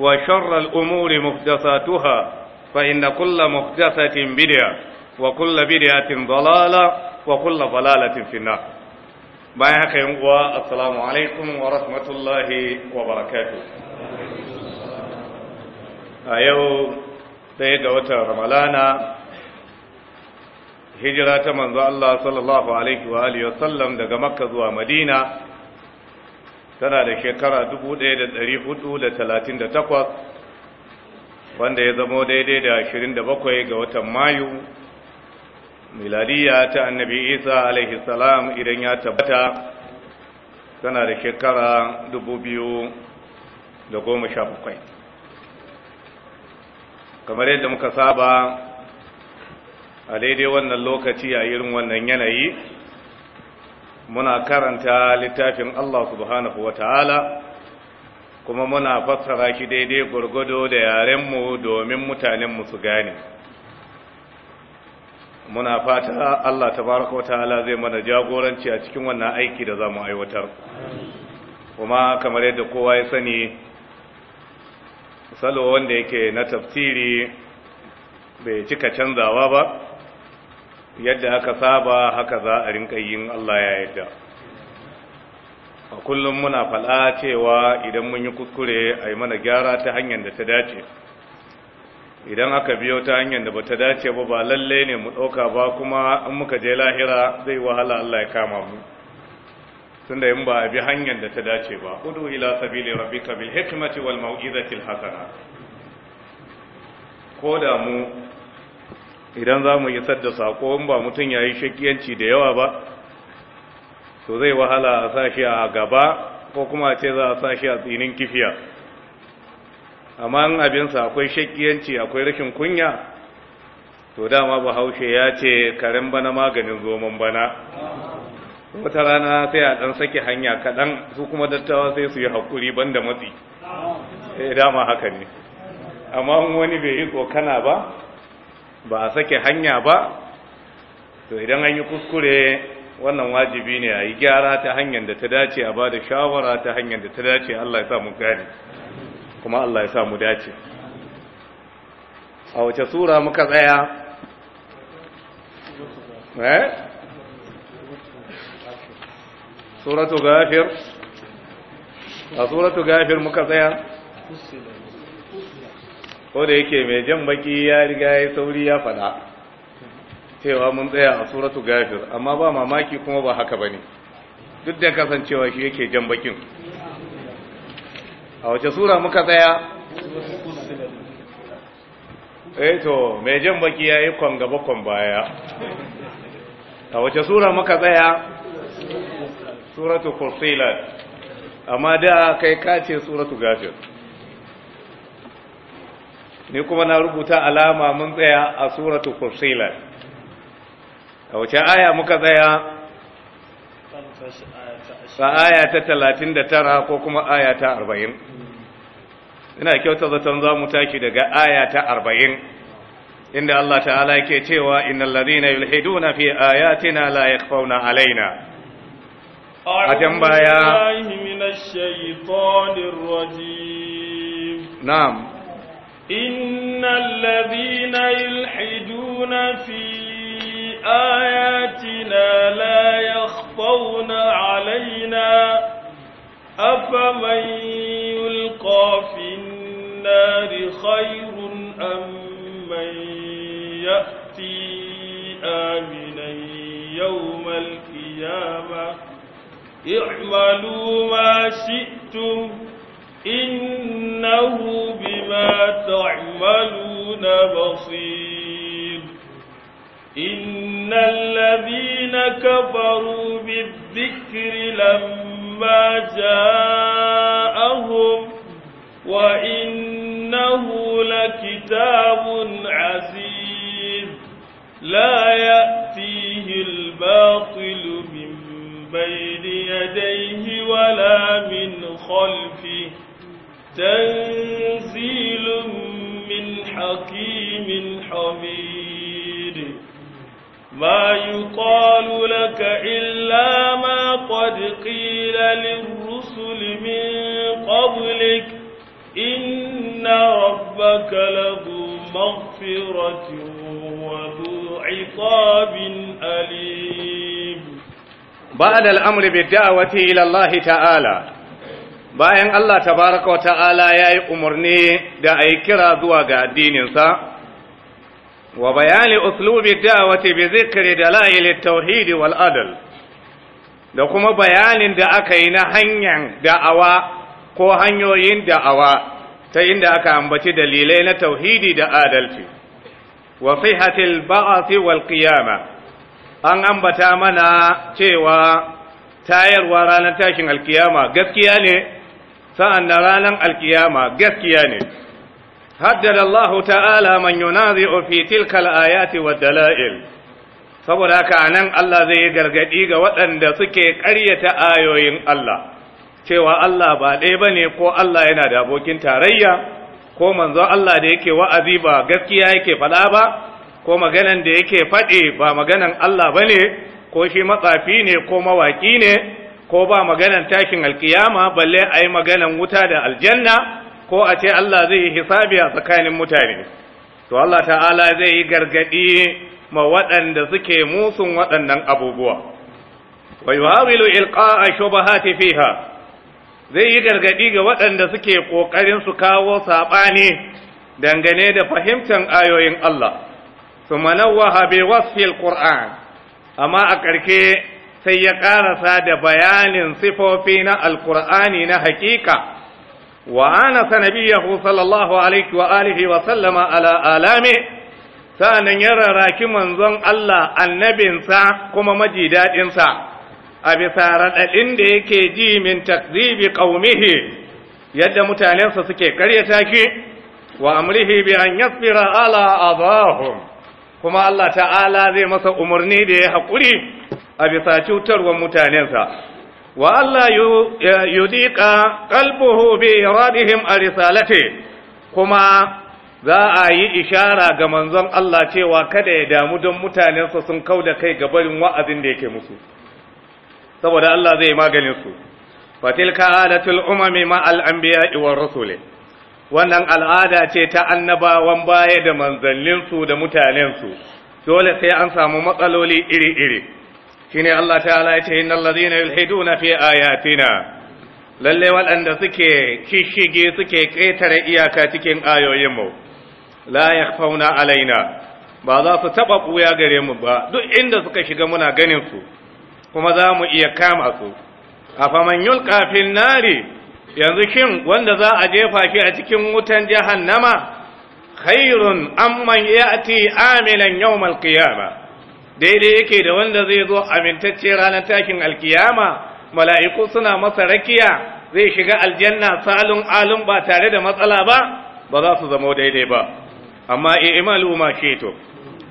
وشر الأمور محدثاتها فإن كل محدثة بدعة وكل بدعة ضلالة وكل ضلالة في النار بايعك يا السلام عليكم ورحمة الله وبركاته أيو ديك وتر رمالانا هجرة من الله صلى الله عليه وآله وسلم wasallam daga Makka tana da shekara 1438 wanda ya zamo daidai da 27 ga watan mayu miladiya ta annabi isa alaihi salam idan ya tabbata tana da shekara 2017 kamar yadda muka saba a daidai wannan lokaci a irin wannan yanayi muna karanta littafin Allah subhanahu wa ta'ala kuma muna fassara shi daidai gurgudo da yarenmu domin mutanenmu su gane muna fata Allah tabaraka wa ta'ala zai mana jagoranci a cikin wannan aiki da zamu aiwatar kuma kamar yadda kowa ya sani salo wanda yake na tafsiri bai cika canzawa ba yadda aka saba haka za a rinka yin Allah ya yadda a kullum muna faɗa cewa idan mun yi kuskure a yi mana gyara ta hanyar da ta dace idan aka biyo ta hanyar da ba ta dace ba ba lallai ne mu ɗauka ba kuma an muka je lahira zai wahala Allah ya kama mu tun da yin ba a bi hanyar da ta dace ba Hudu ila sabili rabbika kabil hikmati wal mau'izatil hasana ko da mu idan za mu isar da sako in ba mutum ya yi shakiyanci da yawa ba to zai wahala a sashi a gaba ko kuma ce za a sashi a tsinin kifiya amma in abinsa akwai shakiyanci akwai rashin kunya to dama bahaushe ya ce karen bana maganin zoman bana wata rana sai a ɗan sake hanya kaɗan su kuma dattawa sai su yi haƙuri ban da matsi eh, dama haka ne amma wani bai yi tsokana ba ba a sake hanya ba to idan an yi kuskure wannan wajibi ne a yi gyara ta hanyar da ta dace a ba da shawara ta hanyar da ta dace Allah ya sa mu gane kuma Allah ya sa mu dace a wace sura muka tsaya eh suratu gafir a suratu gafir muka tsaya ko da yake mai jan baki ya riga ya sauri ya faɗa cewa mun tsaya a suratu gafir amma ba mamaki kuma ba haka bane duk da kasancewa shi yake jan bakin a wace sura muka tsaya eh to mai jan baki yi kon gaba kon baya a wace sura muka tsaya suratu fusilat amma da kai kace suratu gafir ni kuma na rubuta alama mun tsaya a suratu fusilat a wace aya muka tsaya a aya ta talatin da tara ko kuma aya ta arba'in ina kyauta zaton za mu taki daga aya ta arba'in inda Allah ta'ala yake cewa innal ladina yulhiduna fi ayatina la yakhfawna alaina a jan baya na'am إن الذين يلحدون في آياتنا لا يخفون علينا أفمن يلقى في النار خير أم من يأتي آمنا يوم القيامة اعملوا ما شئتم إنه بما تعملون بصير إن الذين كفروا بالذكر لما جاءهم وإنه لكتاب عزيز لا يأتيه الباطل من بين يديه ولا من خلفه تنزيل من حكيم حميد ما يقال لك إلا ما قد قيل للرسل من قبلك إن ربك لذو مغفرة وذو عقاب أليم بعد الأمر بالدعوة إلى الله تعالى bayan Allah tabaraka wa ta'ala ya yi umarni da a yi kira zuwa ga addininsa, wa bayani uslubi da'awati bi zikri da la'ilin tauhidi wal da kuma bayanin da aka yi na hanyar da'awa ko hanyoyin da'awa ta inda aka ambaci dalilai na tauhidi da adalci, wa sihatil ba'asi wal qiyama an ambata mana cewa tayarwa ranar tashin alkiyama gaskiya ne sa'an na ranar alkiyama gaskiya ne haddada Allah ta'ala man yunazi'u ofi tilkal ayati wa dala'il saboda haka nan Allah zai yi gargaɗi ga waɗanda suke ƙaryata ayoyin Allah cewa Allah ba ɗai ba ne ko Allah yana da abokin tarayya ko manzo Allah da yake wa'azi ba gaskiya yake faɗa ba ko maganan da yake faɗi ba maganan Allah bane ko shi matsafi ne ko mawaki ne ko ba maganan tashin alkiyama balle a yi maganan wuta da aljanna ko a ce Allah zai yi hisabi a tsakanin mutane to Allah ta'ala zai yi gargadi ma waɗanda suke musun waɗannan abubuwa wa yuhawilu ilqa'a shubahati fiha zai yi gargadi ga waɗanda suke kokarin su kawo sabani dangane da fahimtar ayoyin Allah thumma nawwaha bi wasfi alquran amma a karke sai ya ƙarasa da bayanin sifofi na Alƙur'ani na hakika wa ana sanabiyahu sallallahu alaihi wa alihi wa sallama ala alame sa'annan ya raraki manzon Allah annabinsa kuma maji daɗinsa a bisa raɗaɗin da yake ji min takzibi qaumihi yadda mutanensa suke ƙaryata shi wa amrihi bi an yasbira ala adahum kuma Allah ta'ala zai masa umarni da ya hakuri a bisa cutarwar mutanensa wa Allah yudiqa qalbuhu bi iradihim a risalati kuma za a yi ishara ga manzon Allah cewa kada ya damu don mutanensa sun kau da kai ga barin wa'azin da yake musu saboda Allah zai maganin su fatilka adatul umami ma al anbiya'i war rusuli wannan al'ada ce ta annabawan baya da manzanninsu da mutanensu dole sai an samu matsaloli iri-iri shine Allah ta'ala ya ce innal ladina yulhiduna fi ayatina lalle waɗanda suke kishige suke ƙetare iyaka cikin ayoyinmu la yakhfauna alaina ba za su taba ɓuya gare mu ba duk inda suka shiga muna ganin su kuma za mu iya kama su afaman yulqa fil nari yanzu shin wanda za a jefa shi a cikin wutan jahannama khairun amman ya'ti amilan yawmal qiyama daidai yake da wanda zai zo amintacce ranar takin alkiyama mala'iku suna masa rakiya zai shiga aljanna salun alun ba tare da matsala ba ba za su zama daidai ba amma i'malu ma shito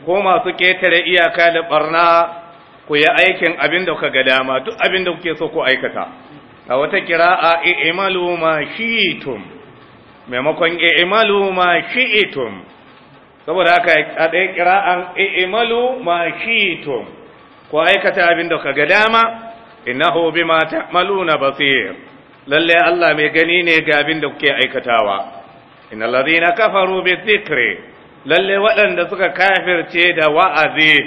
ko masu ketare iyaka da barna ku yi aikin abin da kuka ga dama duk abin da kuke so ku aikata a wata kira'a i'malu ma shi'tum maimakon i'malu ma shi'tum saboda haka a ɗaya kira'an i'malu ma shi'tum ko aikata abin da ga dama innahu bima ta'maluna basir lalle Allah mai gani ne ga abin da kuke aikatawa innal ladina kafaru bi dhikri lalle waɗanda suka kafirce da wa'azi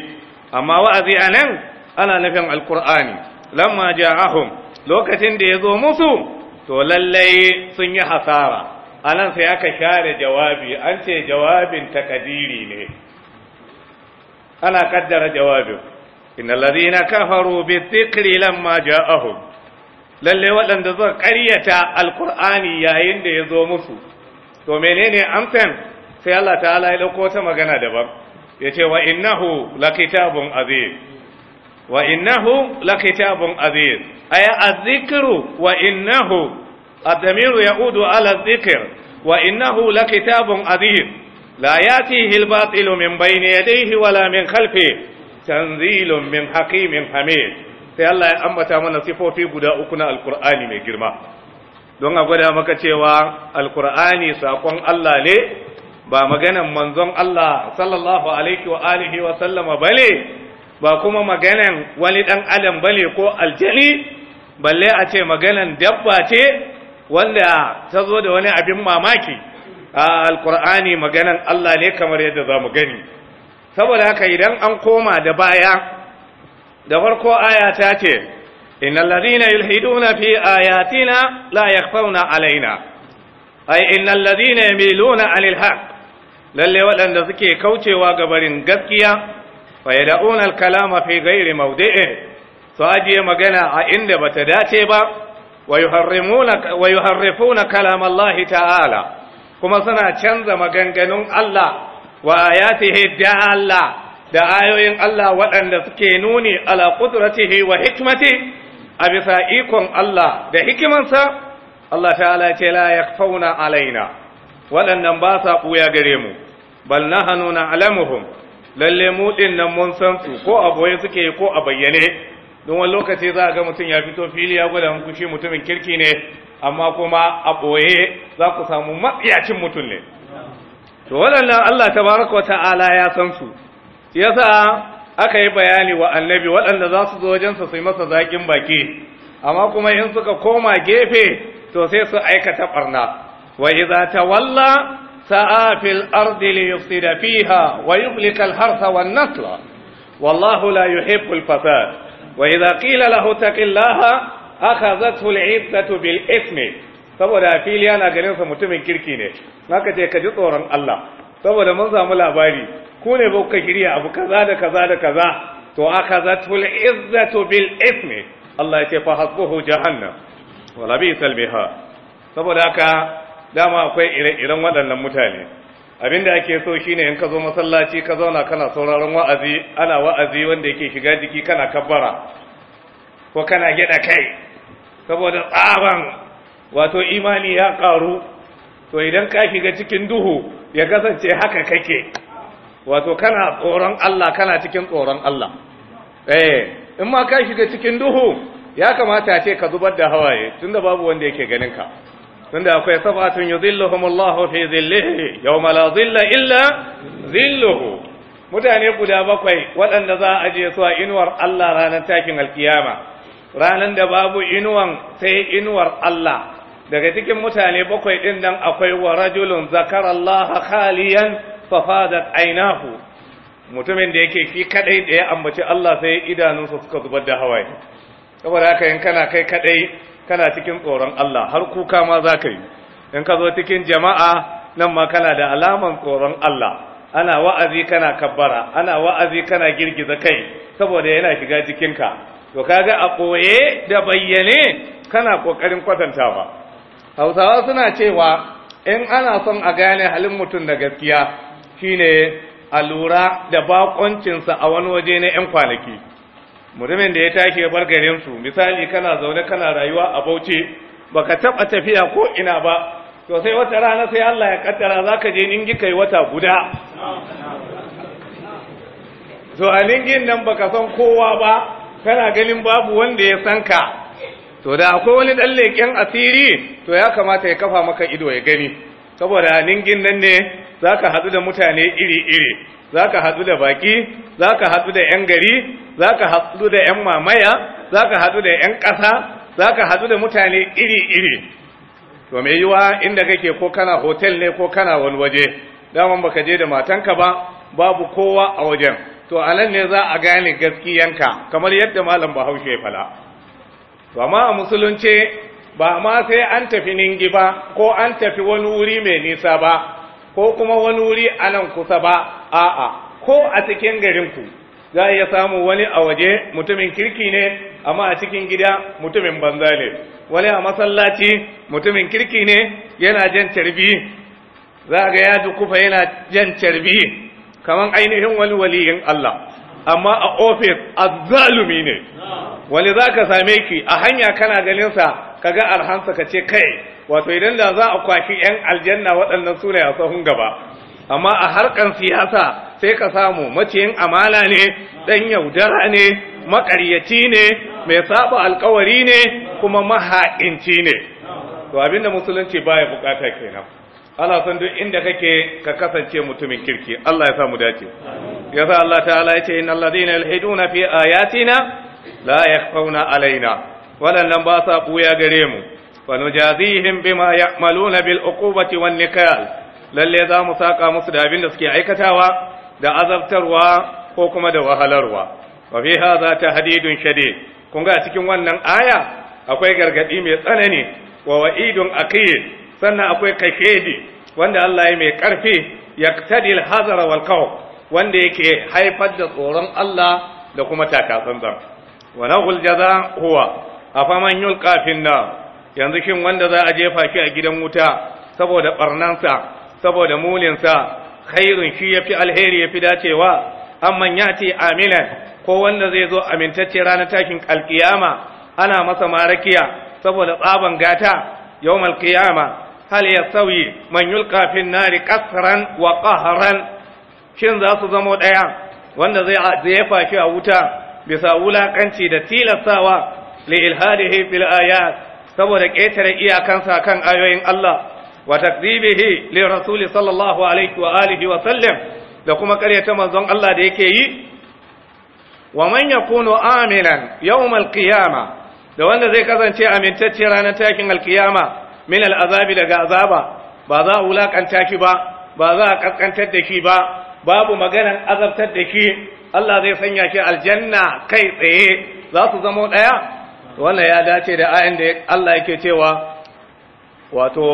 amma wa'azi a nan ana nufin alqur'ani lamma ja'ahum lokacin da ya zo musu to lallai sun yi hasara anan sai aka share jawabi an ce jawabin takadiri ne ana kaddara jawabin inna ladina kafaru bi dhikri lamma ja'ahum lalle waɗanda suka ƙaryata alqur'ani yayin da ya zo musu to menene amsan sai Allah ta'ala ya dauko ta magana daban yace wa innahu lakitabun azim wa innahu lakitabun aziz ay azikru wa innahu adamiru yaudu ala zikr wa innahu lakitabun aziz la yatihi al-batilu min bayni yadayhi wala min khalfihi tanzilun min hakimin hamid sai Allah ya ambata mana sifofi guda uku na alkur'ani mai girma don a gwada maka cewa alkur'ani sakon Allah ne ba maganan manzon Allah sallallahu alaihi wa alihi wa sallama bane ba kuma maganan wani ɗan adam ne ko aljani balle a ce maganan dabba ce wanda ta zo da wani abin mamaki a alkur'ani maganan Allah ne kamar yadda za mu gani saboda haka idan an koma da baya da farko aya ta ce innal ladina yulhiduna fi ayatina la yakhfawna alaina ay inna ladina yamiluna anil haqq lalle waɗanda suke kaucewa gabarin gaskiya fa yad'una al-kalama fi ghairi mawdi'in su ajiye magana a inda bata dace ba wa yuharrimuna wa yuharrifuna kalam Allah ta'ala kuma suna canza maganganun Allah wa ayatihi Allah da ayoyin Allah waɗanda suke nuni ala qudratihi wa hikmati a bisa ikon Allah da hikimansa Allah ta'ala ce la yakfauna alaina waɗannan ba sa ɓuya gare mu bal nahanu na'lamuhum lalle mu din nan mun san su ko a boye suke yi ko a bayyane don wani lokaci za a ga mutum ya fito fili ya gwada muku shi mutumin kirki ne amma kuma a boye za ku samu matsiyacin mutum ne to waɗannan Allah tabaraka wa ta'ala ya san su yasa aka yi bayani wa annabi waɗanda za su zo wajensa su yi masa zaƙin baki amma kuma in suka koma gefe to sai su aikata barna wa idza tawalla سعى في الأرض ليفسد فيها ويهلك الحرث والنسل والله لا يحب الفساد وإذا قيل له اتق الله أخذته العزة بالإثم saboda fili yana ganin sa mutumin kirki ne naka ce ka ji tsoron Allah saboda mun samu labari ku ne ba kuka shirya abu kaza da kaza da kaza to akhazatul izzatu bil ismi Allah ya ce fa hasbuhu jahannam wala bi'sal mihad saboda haka dama akwai ire-iren waɗannan mutane abinda ake so shine in ka zo masallaci ka zauna kana sauraron wa'azi ana wa'azi wanda yake shiga jiki kana kabbara ko kana gida kai saboda tsaban wato imani ya karu to idan ka shiga cikin duhu ya kasance haka kake wato kana tsoron Allah kana cikin tsoron Allah eh in ma ka shiga cikin duhu ya kamata ce ka zubar da hawaye tunda babu wanda yake ganin ka tunda akwai sabatun yudhilluhum Allahu fi dhillihi yawma la dhilla illa dhilluhu mutane guda bakwai waɗanda za a je su a inuwar Allah ranar takin alkiyama ranar da babu inuwan sai inuwar Allah daga cikin mutane bakwai din nan akwai wa rajulun zakarallaha khaliyan fa fadat mutumin da yake fi kadai da ya ambaci Allah sai idanunsa suka zubar da hawaye saboda haka in kana kai kadai kana cikin tsoron Allah har kuka ma za ka yi in ka zo cikin jama'a nan ma kana da alaman tsoron Allah ana wa'azi kana kabbara ana wa'azi kana girgiza kai saboda yana shiga jikinka to kaga a koye da bayyane kana kokarin kwatantawa Hausawa suna cewa in ana son a gane halin mutum da gaskiya shine a lura da bakoncinsa a wani waje na 'yan kwanaki mutumin da ya tashi ya bar garin su misali kana zaune kana rayuwa a Bauchi baka taba tafiya ko ina ba to sai wata rana sai Allah ya kaddara zaka je ningi kai wata guda to a ningin nan baka san kowa ba kana ganin babu wanda ya san ka to da akwai wani dan leken asiri to ya kamata ya kafa maka ido ya gani saboda ningin nan ne za ka haɗu da mutane iri-iri za ka haɗu da baƙi za ka haɗu da 'yan gari za ka haɗu da 'yan mamaya za ka haɗu da 'yan ƙasa za ka haɗu da mutane iri-iri to mai yiwa inda kake ko kana hotel ne ko kana wani waje daman baka je da matanka ba babu kowa a wajen to a nan ne za a gane gaskiyanka kamar yadda malam bahaushe fala to amma a musulunci ba ma sai an tafi ningi ba ko an tafi wani wuri mai nisa ba ko kuma wani wuri a nan kusa ba a'a ko a cikin garinku za a iya samu wani a waje mutumin kirki ne amma a cikin gida mutumin banza ne wani a masallaci mutumin kirki ne yana jan carbi za a ga ya kufa yana jan carbi kamar ainihin wani waliyin Allah amma a ofis azzalumi ne wani za ka same ki a hanya kana ganinsa ka ga alhansa ka ce kai wato idan da za a kwashi 'yan aljanna waɗannan suna ne a sahun gaba amma a harkan siyasa sai ka samu maciyin amala ne ɗan yaudara ne maƙaryaci ne mai saba alkawari ne kuma maha'inci ne to abinda musulunci baya bukata kenan ana san duk inda kake ka kasance mutumin kirki Allah ya mu dace yasa Allah ta'ala ya ce innal ladina yalhiduna fi ayatina la yakhfawna alaina waɗannan ba sa buya gare mu فنجازيهم بما يعملون بالعقوبة والنكال lalle za mu saka musu da abin da suke aikatawa da azabtarwa ko kuma da wahalarwa wa fi hadha tahdidun shadid kun cikin wannan aya akwai gargadi mai tsanani wa wa'idun sannan akwai kashedi wanda Allah ya mai karfi yaqtadi al wanda yake haifar da tsoron Allah da kuma yanzu shin wanda za a jefa shi a gidan wuta saboda barnansa saboda mulinsa khairun shi ya fi alheri yafi dacewa amman yati aminan ko wanda zai zo amintacce ranar takin alkiyama ana masa marakiya saboda tsaban gata yawmal qiyama hal sauyi man yulqa fin nari qasran wa qahran shin za su zamo daya wanda zai jefa shi a wuta bisa wulakanci da tilastawa li ilhadihi fil ayat saboda ƙetare iyakansa kan ayoyin Allah wa takzibihi li rasuli sallallahu alaihi wa alihi wa sallam da kuma ƙaryata manzon Allah da yake yi wa man yakunu aminan yau qiyama da wanda zai kasance amintacce ranar takin alkiyama min al'azabi daga azaba ba za a wulakanta ki ba ba za a kaskantar da ki ba babu maganar azabtar da ki Allah zai sanya ki aljanna kai tsaye za su zamo ɗaya wannan ya dace da ayan da Allah yake cewa wato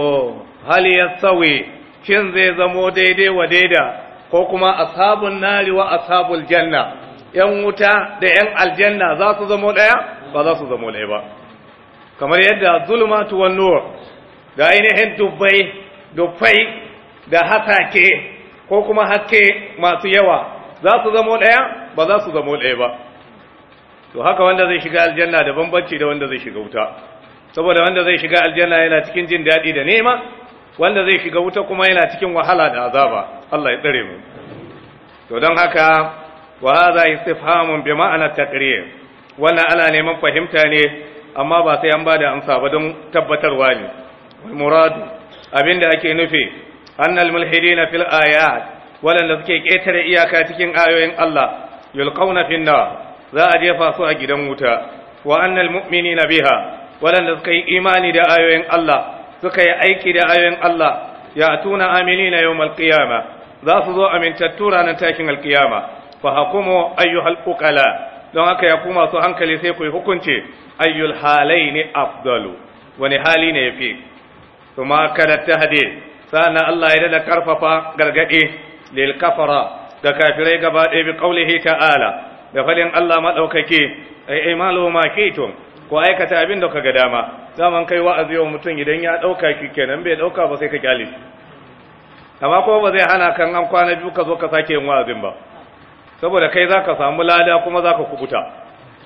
hali ya tsawe kin zai zamo daidai wa daida ko kuma ashabun nari wa ashabul janna yan wuta da yan aljanna za su zamo ɗaya ba za su zamo ɗaya ba kamar yadda zulmatu wan nur da ainihin dubbai dubbai da hasake ko kuma hakke masu yawa za su zamo ɗaya ba za su zamo ɗaya ba to haka wanda zai shiga aljanna da bambanci da wanda zai shiga wuta saboda wanda zai shiga aljanna yana cikin jin daɗi da nema wanda zai shiga wuta kuma yana cikin wahala da azaba Allah ya tsare mu to don haka wa hadha istifhamun bi ma'ana taqrir wannan ana neman fahimta ne amma ba sai an bada amsa ba don tabbatarwa ne wal murad abinda ake nufi annal mulhidina fil ayat da suke ketare iyaka cikin ayoyin Allah yulqauna fin nar za a jefa su a gidan wuta wa annal na biha waɗanda suka yi imani da ayoyin Allah suka yi aiki da ayoyin Allah ya tuna na yawmal qiyama za su zo amintattu ranar takin alqiyama fa hakumu ayyuhal uqala don haka ya kuma su hankali sai ku yi hukunci ayyul ne, afdalu wani hali ne yafi kuma kada ta hade sana Allah ya dada karfafa gargade lil kafara da kafirai gaba ɗaya bi qaulihi ta'ala da falin Allah maɗaukake ai ai malo ma to ko aikata abin da ka ga dama zaman kai wa'azi wa mutum idan ya ɗauka ki kenan bai ɗauka ba sai ka kyale amma ko ba zai hana kan an kwana biyu ka zo ka sake yin wa'azin ba saboda kai za samu lada kuma za ka kubuta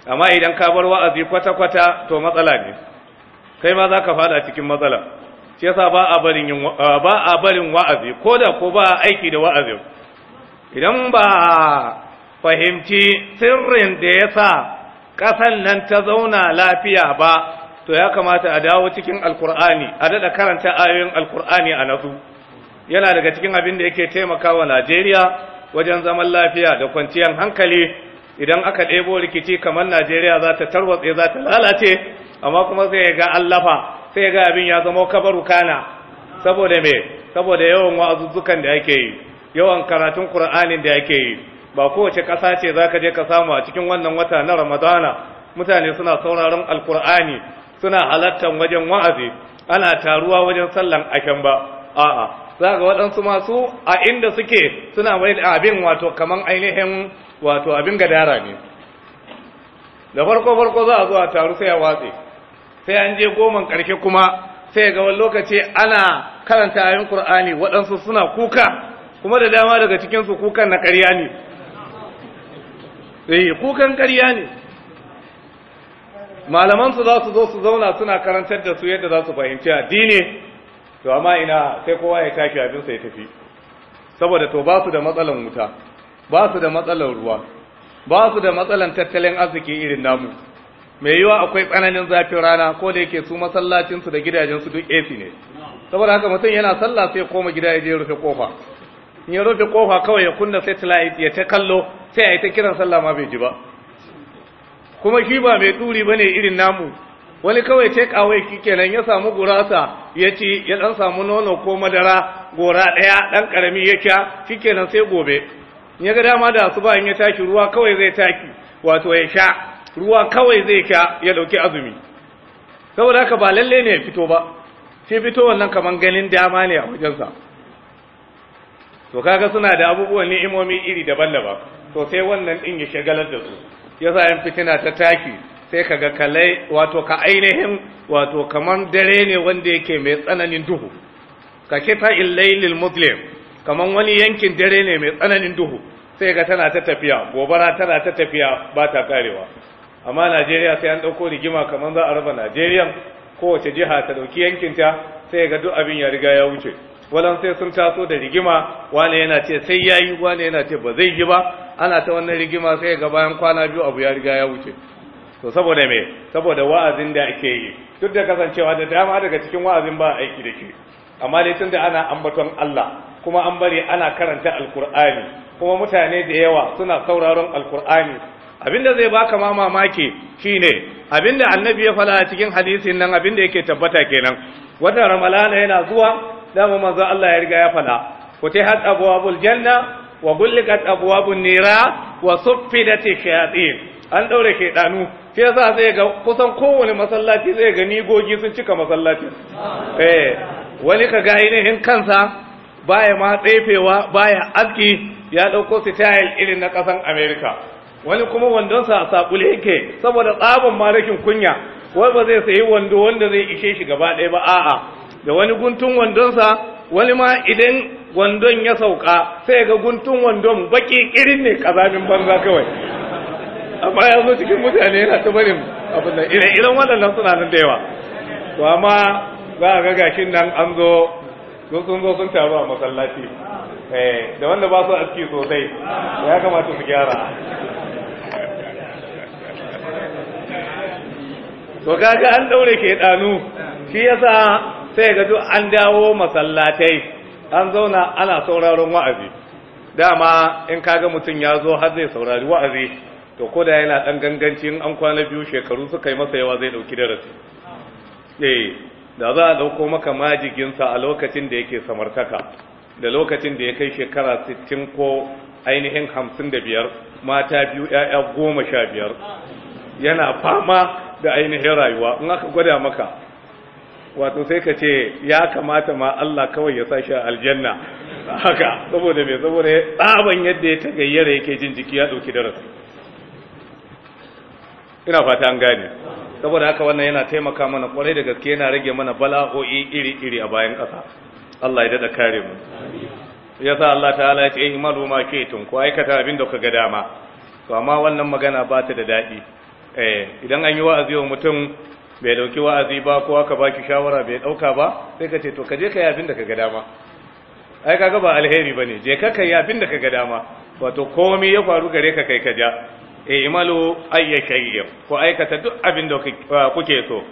amma idan ka bar wa'azi kwata-kwata to matsala ne kai ma zaka fada cikin matsala shi yasa ba a barin ba a barin wa'azi ko da ko ba aiki da wa'azi idan ba fahimci sirrin da ya sa ƙasan nan ta zauna lafiya ba to ya kamata a dawo cikin alkur'ani a daɗa karanta ayoyin alkur'ani a nasu yana daga cikin abin da yake taimakawa najeriya wajen zaman lafiya da kwanciyar hankali idan aka ɗebo rikici kamar Najeriya za ta tarwatse za ta lalace amma kuma sai ya ga allafa sai ya ga abin ya zama kabaru kana saboda me saboda yawan wa'azuzzukan da ake yi yawan karatun Kur'anin da ake yi ba kowace ƙasa ce za ka je ka samu a cikin wannan wata na ramadana mutane suna sauraron alkur'ani suna halattar wajen wa'azi ana taruwa wajen sallan aken ba a'a za ga waɗansu masu a inda suke suna mai abin wato kaman ainihin wato abin gadara ne da farko farko za a zo a taru sai a watsi sai an je goman ƙarshe kuma sai ga wani lokaci ana karanta ayin Kur'ani waɗansu suna kuka kuma da dama daga cikin su kukan na ƙarya ne eh kukan ƙarya ne malamansu za su zo su zauna suna karantar da su yadda za su fahimci addini to amma ina sai kowa ya tafi abin sa ya tafi saboda to ba su da matsalan wuta ba su da matsalan ruwa ba su da matsalan tattalin arziki irin namu mai yiwa akwai tsananin zafin rana ko da yake su masallacinsu da gidajensu duk AC ne saboda haka mutum yana sallah sai koma gida ya je rufe kofa in ya rufe kofa kawai ya kunna tilayi ya ta kallo sai a yi ta kiran sallah ma bai ji ba kuma shi ba mai turi ne irin namu wani kawai take away kenan ya samu gurasa ya ci ya dan samu nono ko madara gora daya dan karami ya sha kenan sai gobe in ya ga dama da ba in ya tashi ruwa kawai zai taki wato ya sha ruwa kawai zai sha ya dauki azumi saboda haka ba lalle ne ya fito ba sai fito wannan kaman ganin dama ne a wajensa to kaga suna da abubuwan ni'imomi iri daban-daban to sai wannan din ya shagalar da su yasa yan fitina ta taki sai kaga kalai wato ka ainihin wato kaman dare ne wanda yake mai tsananin duhu ka kifa illailil muslim kaman wani yankin dare ne mai tsananin duhu sai ga tana ta tafiya gobara tana ta tafiya ba ta karewa amma Najeriya sai an dauko rigima kaman za a raba Najeriya kowace jiha ta dauki yankinta sai ga duk abin ya riga ya wuce walan sai sun taso da rigima wane yana ce sai yayi wane yana ce ba zai yi ba ana ta wannan rigima sai ga bayan kwana biyu abu ya riga ya wuce to saboda me saboda wa'azin da ake yi duk da kasancewa da dama daga cikin wa'azin ba aiki da ke amma dai da ana ambaton Allah kuma an bari ana karanta alkur'ani kuma mutane da yawa suna sauraron alkur'ani abinda zai baka ma mamaki shine abinda annabi ya fala a cikin hadisin nan abinda yake tabbata kenan wata ramalana yana zuwa dama manzo Allah ya riga ya fada futihat abwabul janna wa gullikat abwabun nira wa suffidat shayatin an daure ɗanu. sai yasa zai ga kusan kowane masallaci zai ga nigogi sun cika masallaci eh wani ka ga ainihin kansa baya ma tsefewa baya aski ya dauko style irin na kasan America wani kuma wandon sa sakule yake saboda tsabon ma kunya wai ba zai sayi wando wanda zai ishe shi gaba ɗaya ba a'a da wani guntun wandonsa wani ma idan wandon ya sauka sai ga guntun wandon baki irin ne kazamin banza kawai amma ya zo cikin mutane yana ta barin abin da irin waɗannan suna nan da yawa to amma za a ga gashin nan an zo sun zo sun taru a masallaci eh, da wanda ba su aski sosai ya kamata su gyara to kaga an daure ke ɗanu shi yasa sai ga duk an dawo masallatai an zauna ana sauraron wa'azi dama in kaga mutum ya zo har zai saurari wa'azi to koda yana dan ganganci in an kwana biyu shekaru suka yi masa yawa zai dauki darasi eh da za a dauko maka majiginsa a lokacin da yake samartaka da lokacin da ya kai shekara 60 ko ainihin 55 mata biyu ƴaƴa 15 yana fama da ainihin rayuwa in aka gwada maka wato sai ka ce ya kamata ma Allah kawai ya sashi a aljanna haka saboda mai saboda ya tsaban yadda ya tagayyara yake jin jiki ya ɗauki darasi ina fata an gane saboda haka wannan yana taimaka mana kwarai da gaske yana rage mana bala'o'i iri-iri a bayan ƙasa Allah ya daɗa kare mu ya sa Allah ta'ala ya ce yi eh, maluma ke tun ku aikata abin da ka ga dama to amma wannan magana ba ta da daɗi eh, idan an yi wa'azi wa mutum bai dauki wa'azi ba ko aka baki shawara bai dauka ba sai ka ce to ka je ka yi abin da ka ga dama ai kaga ba alheri bane je ka kai abin da ka ga dama wato komai ya faru gare ka kai ka ja e imalu ayya ko aikata duk abin da uh, kuke so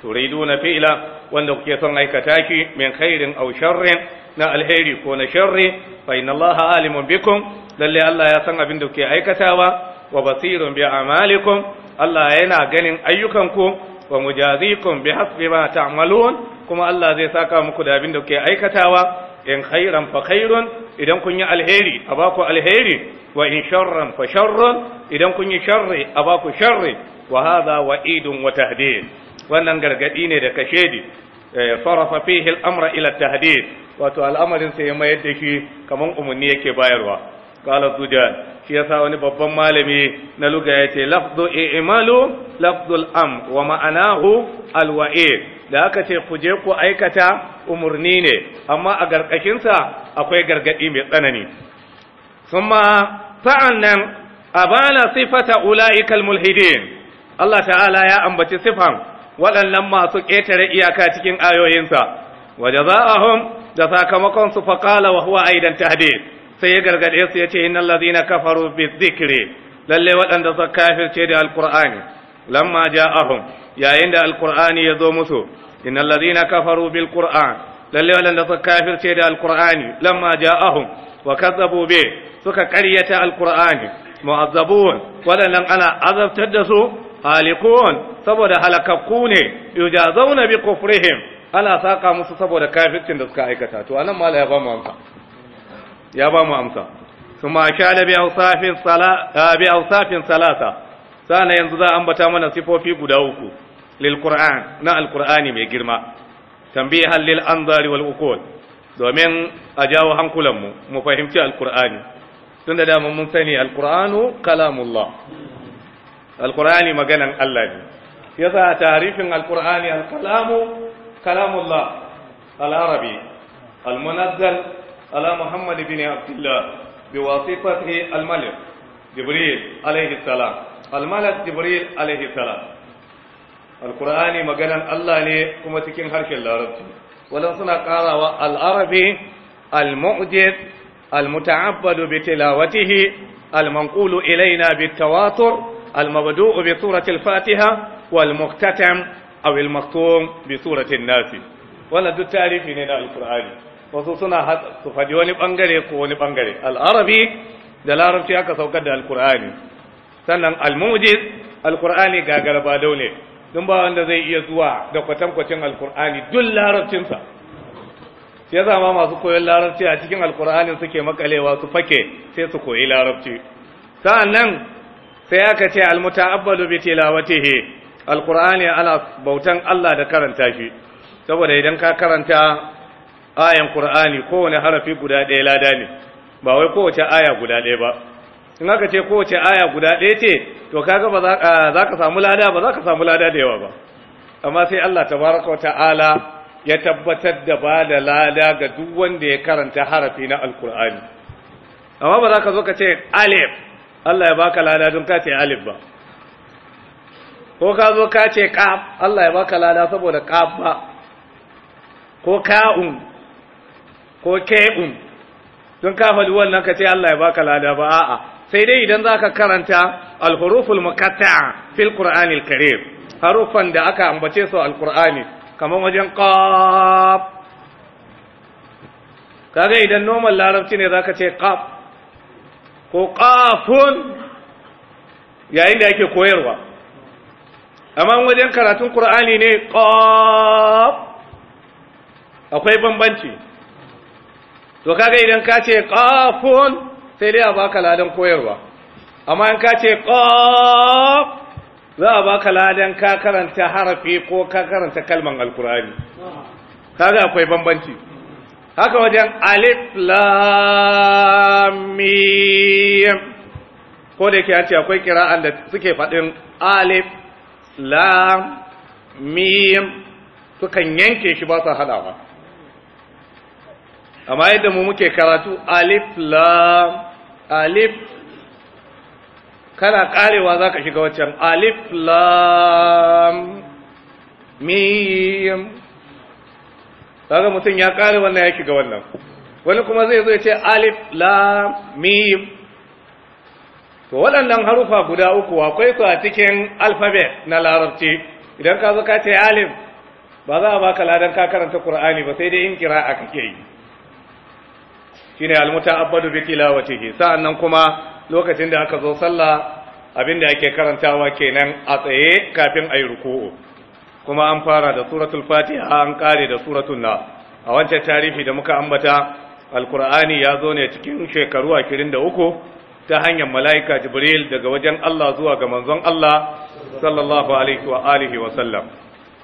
turiduna fi'la wanda kuke son aikata ki min khairin aw sharrin na alheri ko na sharri fa inna allaha alimun bikum lalle allah ya san abin da kuke aikatawa wa basirun bi a'malikum allah yana ganin ayyukanku wa mujazikum bi hasbi ma ta'malun kuma Allah zai saka muku da abin da kuke aikatawa in khairan fa khairun idan kun yi alheri a baku alheri wa in sharran fa sharrun idan kun yi sharri a baku sharri wa hadha wa'idun wa tahdid wannan gargadi ne da kashedi eh, sarafa fihi al-amra ila tahdid wato al'amarin sai ya mayar da shi kaman umunni yake bayarwa qala zujan shi yasa wani babban malami na luga yace lafzu i'malu lafzul am wa ma'anahu alwa'id da aka ce ku je ku aikata umurni ne amma a garkakin sa akwai gargadi mai tsanani thumma sa'annan abana sifata ulaikal mulhidin Allah ta'ala ya ambaci sifan waɗannan masu ƙetare iyaka cikin ayoyinsa wa jaza'ahum da sakamakon su faqala wa huwa aidan tahdid sai ya gargade su ya ce innal ladina kafaru bizikri lalle waɗanda suka kafirce da alqur'ani lamma ahun. yayin da alkur'ani ya zo musu innal ladina kafaru bil qur'an lalle waɗanda suka kafirce da alqur'ani lamma ahun. wa kazzabu bi suka ƙaryata alkur'ani mu'azzabun waɗannan ana azabtar da su halikun saboda halakakku ne yujazawna bi kufrihim ana saka musu saboda kafircin da suka aikata to anan mala ya ba mu amsa ya ba mu amsa kuma shala bi awsafin sala ah, bi awsafin salasa sana yanzu za a ambata mana sifofi guda uku lil na alqur'ani mai girma tambihan lil anzari wal uqul domin a jawo hankulanmu mu fahimci alqur'ani tunda da mun sani alqur'anu kalamullah alqur'ani maganan Allah ne yasa tarifin alqur'ani alkalamu kalamullah al-arabi al-munazzal على محمد بن عبد الله بواسطة الملك جبريل عليه السلام الملك جبريل عليه السلام القرآن مجانا الله لي كما تكين هرش العربي ولو سنة قال والعربي المعجز المتعبد بتلاوته المنقول إلينا بالتواتر المبدوء بسورة الفاتحة والمختتم أو المختوم بسورة الناس ولد دو من القرآن wasu suna su faɗi wani ɓangare ko wani ɓangare al'arabi da larabci aka saukar da alkur'ani sannan almujiz alkur'ani ga garba daune don ba wanda zai iya zuwa da kwatankwacin alkur'ani duk larabcinsa ya zama masu koyon larabci a cikin alkur'ani suke makalewa su fake sai su koyi larabci nan sai aka ce almuta'abbalu bi tilawatihi alkur'ani ana bautan Allah da karanta shi saboda idan ka karanta ayan qur'ani kowane harafi guda ɗaya lada ne ba wai kowace aya guda ɗaya ba in aka ce kowace aya guda ɗaya ce to kaga ba za ka samu lada ba za ka samu lada da yawa ba amma sai Allah tabaraka wa ta'ala ya tabbatar da ba da lada ga duk wanda ya karanta harafi na alkur'ani amma ba za ka zo ka ce alif Allah ya baka lada don ka ce alif ba ko ka zo ka ce kaf Allah ya baka lada saboda kaf ba ko ka'un ko ke'un don ka wannan ka ce Allah ya baka lada ba a'a sai dai idan zaka karanta alhuruful huruful muqatta'a fil qur'anil harufan da aka ambace su Alƙur'ani. kamar wajen qaf kaga idan noman larabci ne zaka ce ƙaf. ko qafun yayin da yake koyarwa amma wajen karatun ƙur'ani ne ƙaf. akwai bambanci to kaga idan ka ce qafun sai dai a baka ladan koyarwa amma in ka ce qaf za a baka ladan ka karanta harafi ko ka karanta kalman alkurani kaga akwai bambanci haka wajen alif lam ko da ke akwai kira'an da suke faɗin alif lam sukan yanke shi ba sa hadawa amma yadda mu muke karatu alif lam alif kana karewa za ka shiga waccan alif lam mim daga mutum ya kare wannan ya shiga wannan wani kuma zai zo ya ce alif lam mim to waɗannan harufa guda uku akwai su a cikin alfabet na larabci idan ka zo ka ce alif ba za a baka ladan ka karanta qur'ani ba sai dai in kira'a kake yi shine almuta'abbadu bi tilawatihi sa'annan kuma lokacin da aka zo sallah abinda ake karantawa kenan a tsaye kafin ayi ruku'u kuma an fara da suratul fatiha an kare da suratul na a wancan tarihi da muka ambata alqur'ani ya zo ne cikin shekaru 23 ta hanyar mala'ika jibril daga wajen Allah zuwa ga manzon Allah sallallahu alaihi wa alihi wa sallam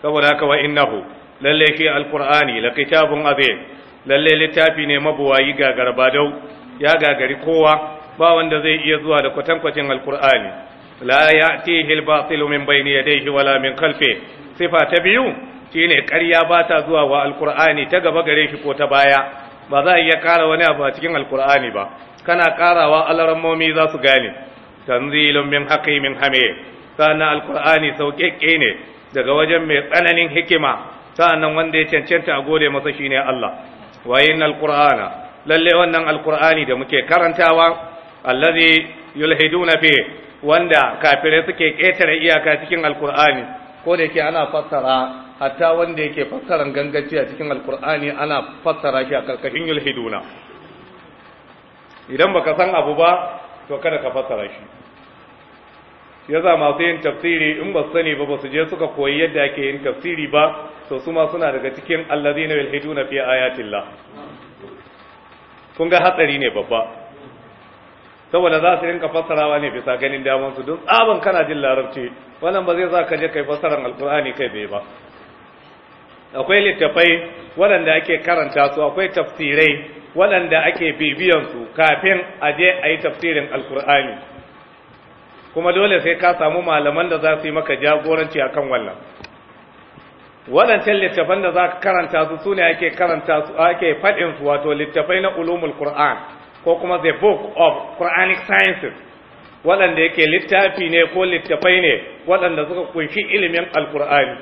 saboda haka wa innahu lalle fi alqur'ani la kitabun azim lalle littafi ne mabuwayi gagar badau ya gagari kowa ba wanda zai iya zuwa da kwatankwacin alkur'ani la ya'tihi al-batilu min bayni yadayhi wala min khalfi sifa ta biyu shine ƙarya ba ta zuwa wa alkur'ani ta gaba gare shi ko ta baya ba za a iya kara wani abu a cikin alkur'ani ba kana karawa momi za su gane tanzilun min hakimin hame sannan alkur'ani sauƙeƙe ne daga wajen mai tsananin hikima sa'annan wanda ya cancanta a gode masa shine Allah wa al qur'ana lalle wannan alkur'ani da muke karantawa allazi yulhiduna fi wanda kafirai suke ketare iyaka cikin alkur'ani ko da yake ana fassara hatta wanda yake fassaran gangaci a cikin alkur'ani ana fassara shi a karkashin yulhiduna idan baka san abu ba to kada ka fassara shi yasa masu yin tafsiri in ba sani ba ba su je suka koyi yadda ake yin tafsiri ba to su ma suna daga cikin na yalhiduna fi ayatillah kun ga hatsari ne babba saboda za su rinka fassarawa ne bisa ganin damansu, su don tsaban kana jin larabci wannan ba zai sa ka je kai fassarar alkur'ani kai bai ba akwai littafai waɗanda ake karanta su akwai tafsirai waɗanda ake bibiyan su kafin a je a yi tafsirin alkur'ani kuma dole sai ka samu malaman da za su yi maka jagoranci a akan wannan waɗancan littafan da za ka karanta su su ne ake karanta su ake faɗin su wato littafai na ulumul qur'an ko kuma the book of quranic sciences waɗanda yake littafi ne ko littafai ne waɗanda suka kunshi ilimin Al-Qur'ani,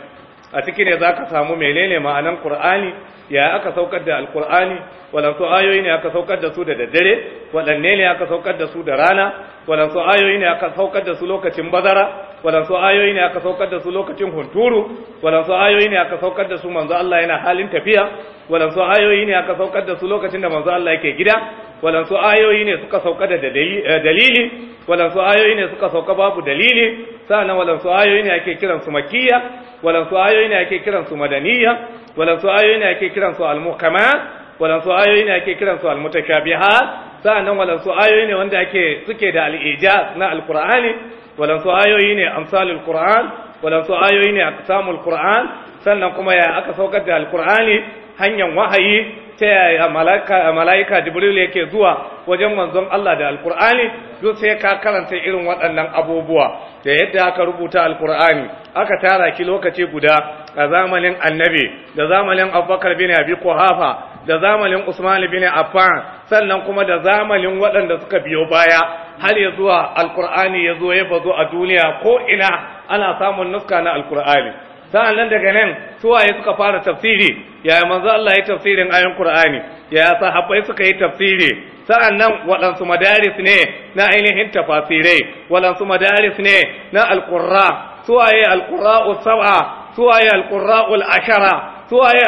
a ciki ne za ka samu menene ma'anan qur'ani ya aka saukar da alkur'ani waɗansu ayoyi ne aka saukar da su da daddare waɗanne ne aka saukar da su da rana waɗansu ayoyi ne aka saukar da su lokacin bazara waɗansu ayoyi ne aka saukar da su lokacin hunturu waɗansu ayoyi ne aka saukar da su manzo Allah yana halin tafiya waɗansu ayoyi ne aka saukar da su lokacin da manzo Allah yake gida waɗansu ayoyi ne suka sauka da dalili eh, waɗansu ayoyi ne suka sauka babu dalili sa'annan waɗansu ayoyi ne ake kiransu makiyya waɗansu ayoyi ne ake kiransu madaniya waɗansu ayoyi ne ake kiran su al-muhkamat waɗansu ayoyi ne ake kiran su al-mutashabihat sa'annan waɗansu ayoyi ne wanda ake suke da al-ijaz na al-qur'ani waɗansu ayoyi ne amsalul qur'an waɗansu ayoyi ne aqsamul qur'an sannan kuma ya aka saukar da al-qur'ani hanyar wahayi ta yaya mala'ika jibril yake zuwa wajen manzon Allah da alkur'ani duk sai ka karanta irin waɗannan abubuwa da yadda aka rubuta alkur'ani aka tara ki lokaci guda a zamanin annabi da zamanin abubakar bin abi hafa, da zamanin usman bin affan sannan kuma da zamanin waɗanda suka biyo baya har ya zuwa alkur'ani ya zo ya bazo a duniya ko ina ana samun nuska na alkur'ani sa'an nan daga nan suwaye suka fara tafsiri yaya manzo Allah ya tafsirin ayan Qur'ani yaya sahabbai suka yi tafsiri sa'annan waɗansu madaris ne na ainihin tafasirai waɗansu madaris ne na alqurra suwaye alqurra'u sab'a suwaye alqurra'ul ashara suwaye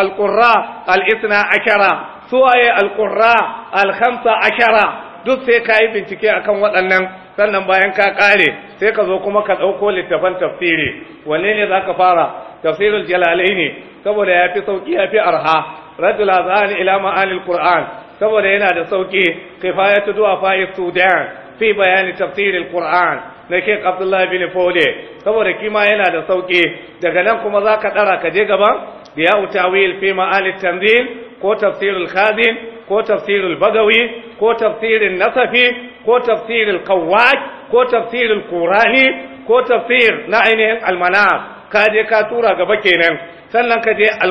alqurra al isna ashara Su waye al alhamsa ashara duk sai yi bincike akan waɗannan sannan bayan ka kare sai ka zo kuma ka ɗauko littafan tafsiri wanne ne za ka fara tafsirul jalalai ne saboda ya fi sauƙi ya fi arha rajul azan ila ma'anil qur'an saboda yana da sauƙi kifayatu du'a fa'i sudan fi bayani tafsiril qur'an na ke abdullah bin fole saboda kima yana da sauki daga nan kuma za ka ɗara ka je gaba da ya utawil fi ma'alit tanzil ko tafsirul khazin ko tafsirul bagawi ko tafsirin nasafi ko tafsirin al ko tafsirin al ko tafsir na ainihin almana ka je ka tura gaba kenan sannan ka je al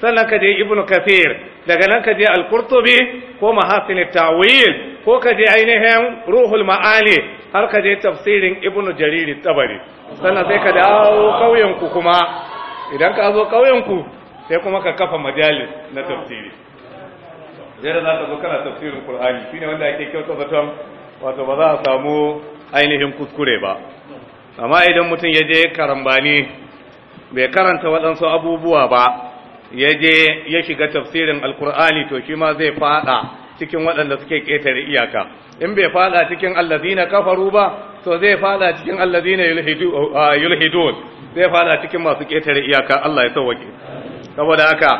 sannan ka je ibnu kafir, daga nan ka je al ko mahasin tawil ko ka je ainihin ruhul ma'ali har ka je tafsirin ibnu jariri tabari sannan sai ka dawo kauyen kuma idan ka zo kauyen ku sai kuma ka kafa majalis na tafsiri yadda za ta zo kana tafsirin qur'ani shine wanda ake kyauta zaton wato ba za a samu ainihin kuskure ba amma idan mutum ya je karambani bai karanta waɗansu abubuwa ba ya je ya shiga tafsirin alkur'ani to shi ma zai fada cikin waɗanda suke ƙetare iyaka in bai fada cikin allazina kafaru ba to zai fada cikin allazina yulhidun zai fada cikin masu ƙetare iyaka Allah ya sauwake saboda haka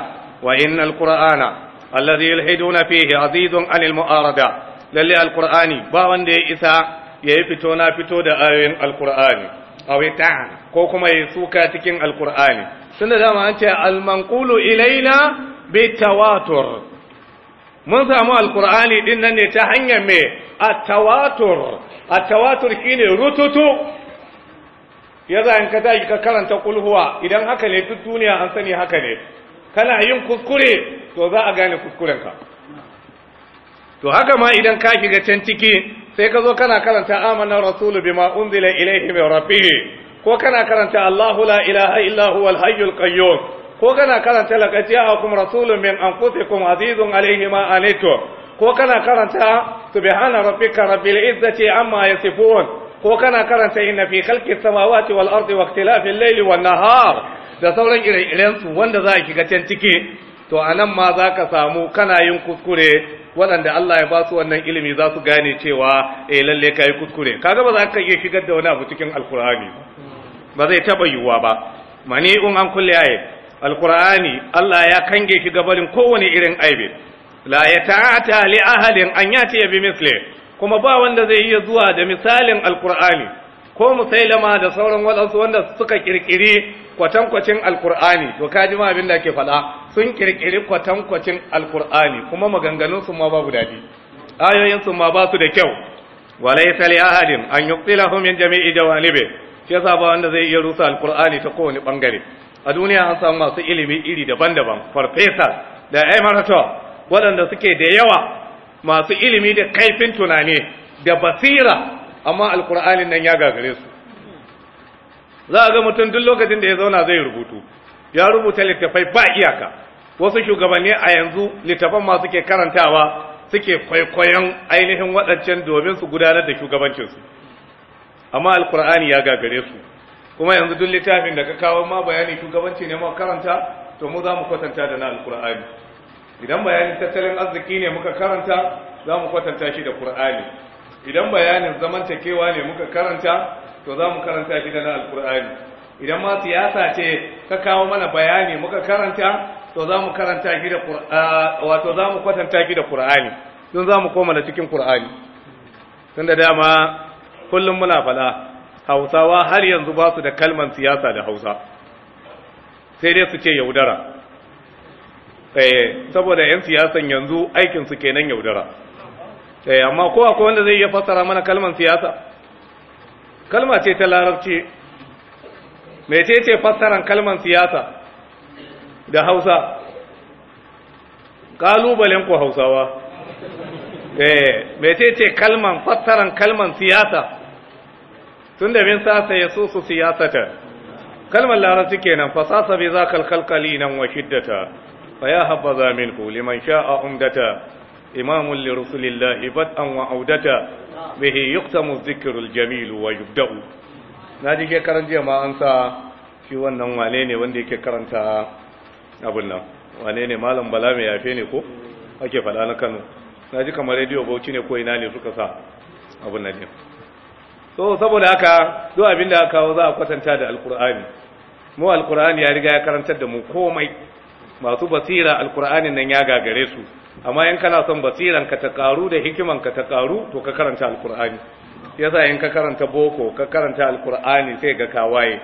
wa innal qur'ana alladhi yulhiduna fihi azizun anil mu'arada lalle alqur'ani ba wanda ya isa yayi fito na fito da ayoyin alqur'ani aw ta'an ko kuma yayi suka cikin alqur'ani tunda dama an ce almanqulu ilaina bitawatur mun samu alqur'ani din nan ne ta hanyar me at-tawatur at-tawatur shine rututu ya za in ka ka karanta kulhuwa idan haka ne duk duniya an sani haka ne kana yin kuskure to za a gane kuskurenka to haka ma idan ka shiga can ciki sai ka zo kana karanta amanar rasulu bima unzila ilaihi min rabbih ko kana karanta Allahu la ilaha illa huwal hayyul qayyum ko kana karanta laqad ja'akum rasulun min anfusikum azizun alayhi ma anaytum ko kana karanta subhana rabbika rabbil izzati amma yasifun ko kana karanta inna fi khalqis samawati wal ardi wa ikhtilafil layli wan nahar da sauran ire-irensu wanda za a shiga can ciki to a nan ma za ka samu kana yin kuskure waɗanda Allah ya ba su wannan ilimi za su gane cewa eh lalle ka yi kuskure kaga ba za ka iya shigar da wani abu cikin alkur'ani ba zai taɓa yiwuwa ba mani in an kulle aye alkur'ani Allah ya kange shi gabarin kowane irin aibe la ya ta'ata li ahalin an yati bi misli kuma ba wanda zai iya zuwa da misalin alkur'ani ko musailama da sauran waɗansu wanda suka kirkiri kwatankwacin alkur'ani to ka ji ma abin da ke faɗa sun kirkiri kwatankwacin alkur'ani kuma maganganun su ma babu daɗi ayoyin su ma ba su da kyau walaysa li ahadin an yuqtilahu min jami'i jawanibi shi yasa ba wanda zai iya rusa alkur'ani ta kowane bangare a duniya an samu masu ilimi iri daban-daban farfesa da emirator waɗanda suke da yawa masu ilimi da kaifin tunani da basira amma alkur'anin nan ya gagare su za a ga mutum duk lokacin da ya zauna zai rubutu ya rubuta littafai ba iyaka wasu shugabanni a yanzu littafan ma suke karantawa suke kwaikwayon ainihin waɗancan domin su gudanar da shugabancinsu amma alkur'ani ya gagare su kuma yanzu duk littafin da ka kawo ma bayani shugabanci ne ma karanta to mu za mu kwatanta da na alkur'ani idan bayanin tattalin arziki ne muka karanta za mu kwatanta shi da kur'ani idan bayanin zamantakewa ne muka karanta to za mu karanta shi na alkur'ani idan ma siyasa ce ka kawo mana bayani muka karanta to za mu karanta wato za mu kwatanta gidan ƙur'ani. don za mu koma da cikin Tun tunda dama kullum muna fada hausawa har yanzu ba su da kalman siyasa da hausa sai dai su ce yaudara eh, saboda 'yan siyasan yanzu aikinsu kenan yaudara eh amma ko akwai wanda zai iya fassara mana kalmar siyasa kalma ce ta larabci ce, ce, fassaran kalmar siyasa da hausa kalubalen ku hausawa eh ce, kalman fassaran kalman siyasa tun da min sasa ya so su siyasata kalmar larabci kenan fasasa bai zakal kalkalkali nan wa shiddata fa ya haɓaza min liman sha'a umdata إمام لرسول الله بدءا وعودة به يختم الذكر الجميل ويبدأ نادي كي كرنت ما أنسى في وانا وانيني واندي كي كرنت أبونا وانيني مالا بلامي يافيني كو أكي فلا نكنو نادي كما رديو بوچيني كو إناني سكسا أبونا جيم so saboda haka duk abin da kawo za a kwatanta da alkur'ani mu alkur'ani ya riga ya karantar da mu komai masu basira alkur'anin nan ya gagare su amma yan kana son basiran ka ta karu da hikiman ka ta karu to ka karanta alkur'ani yasa in ka karanta boko ka karanta alkur'ani sai ga kawaye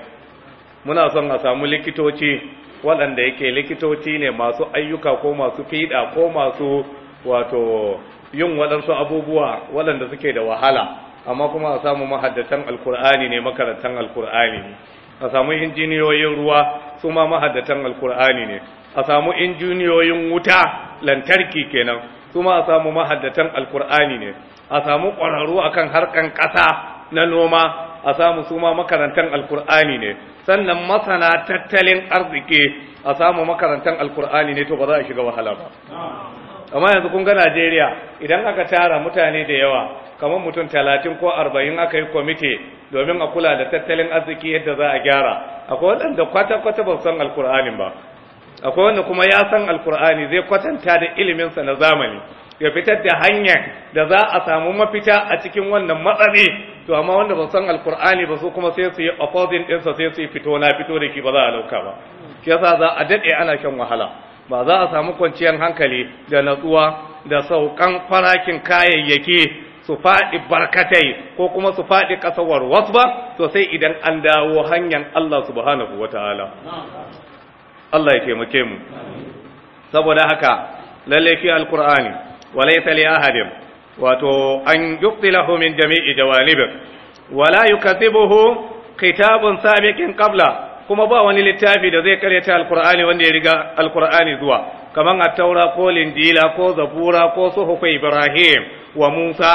muna son a samu likitoci waɗanda yake likitoci ne masu ayyuka ko masu fiɗa ko masu wato yin waɗansu abubuwa waɗanda suke da wahala amma kuma a samu mahaddatan alkur'ani ne makarantan alkur'ani ne a samu injiniyoyin ruwa su ma mahaddatan alkur'ani ne a samu injiniyoyin wuta lantarki kenan kuma a samu mahaddatan alkur'ani ne a samu ƙwararru akan harkan ƙasa na noma a samu su ma makarantan alkur'ani ne sannan masana tattalin arziki a samu makarantan alkur'ani ne to ba za a shiga wahala ba amma yanzu kun ga Najeriya idan aka tara mutane da yawa kamar mutum talatin ko arba'in aka yi kwamiti domin a kula da tattalin arziki yadda za a gyara akwai waɗanda kwata-kwata ba san alkur'anin ba akwai wanda kuma ya san alkur'ani zai kwatanta da iliminsa na zamani ya fitar da hanyar da za a samu mafita a cikin wannan matsali to amma wanda ba san alkur'ani ba su kuma sai su yi opposing ɗinsa sai su yi fito na fito da ke ba za a lauka ba shi yasa za a daɗe ana shan wahala ba za a samu kwanciyar hankali da natsuwa da saukan farakin kayayyaki su faɗi barkatai ko kuma su faɗi ƙasawar wasu ba sosai sai idan an dawo hanyar Allah subhanahu wa ta'ala Allah ya taimake mu saboda haka lalle fi alqur'ani wa laysa li ahadin wato an yubtilahu min jami'i jawanibih wa la yukathibuhu kitabun sabiqin qabla kuma ba wani littafi da zai karyata alqur'ani wanda ya riga alqur'ani zuwa kaman at-taura ko linjila ko zabura ko suhufu ibrahim wa musa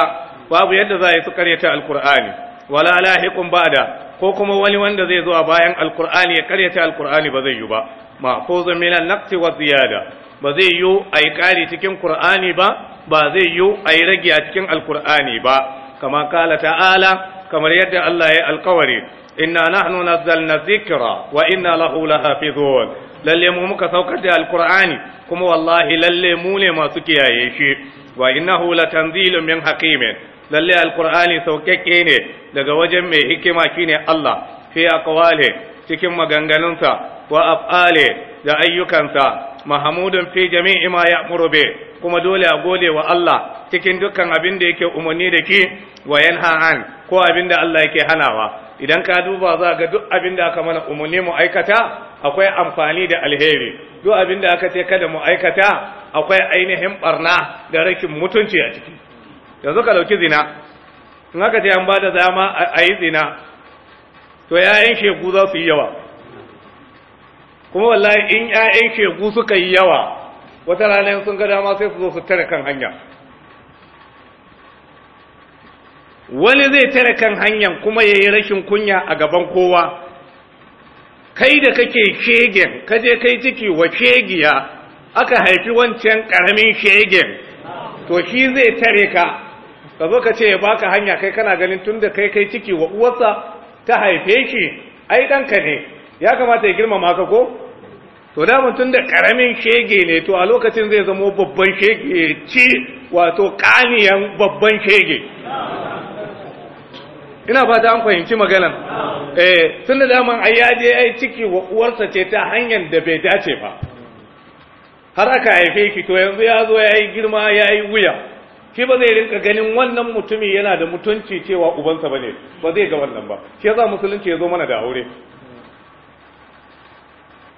babu yadda za su karyata alqur'ani wala lahiqun ba'da ko kuma wani wanda zai zuwa bayan alqur'ani ya karyata alqur'ani ba zai yi ba ma'khuzun min an-naqs wa ziyada ba zai yi ayi kari cikin qur'ani ba ba zai yi ayi rage a cikin alqur'ani ba kama kala ta'ala kamar yadda Allah ya alkawari inna nahnu nazzalna dhikra wa inna lahu lahafizun lalle mu muka saukar da alqur'ani kuma wallahi lalle mu ne masu kiyaye shi wa innahu latanzilun min hakimin lalle alqur'ani saukakke ne daga wajen mai hikima shine Allah fi kawale. cikin maganganunsa wa af'ale da ayyukansa mahamudun fi jami'i ma ya murube kuma dole a gode wa Allah cikin dukkan abin da yake umarni da ki wa yanha an ko abin da Allah yake hanawa idan ka duba za ga duk abin da aka mana umarni mu aikata akwai amfani da alheri duk abin da aka ce kada mu aikata akwai ainihin barna da rakin mutunci a ciki yanzu ka dauki zina in aka ce an ba da zama a yi zina to ‘ya'yan shegu za su yi yawa kuma wallahi in ‘ya'yan shegu suka yi yawa wata rana sun ga dama sai su zo su tare kan hanya wani zai tare kan hanyar kuma ya yi rashin kunya a gaban kowa kai da kake shegen kaje kai ciki wa shegiya aka haifi wancan karamin shegen to shi zai tare ka ka zo ka ce ya baka hanya kai kana ganin tun da kai kai ciki wa uwarsa ta haife shi ai ɗanka ne ya kamata ya girmama ka ko to da tun da ƙaramin shege ne to a lokacin zai zama babban shege ci wato ƙaniyan babban shege ina fata an fahimci maganan eh tun da daman ai ya je ai ciki wa uwarsa ce ta hanyar da bai dace ba har aka haife shi to yanzu ya zo ya yi girma ya yi wuya shi ba zai rinka ganin wannan mutumi yana da mutunci cewa ubansa bane ba zai ga wannan ba shi yasa musulunci ya zo mana da aure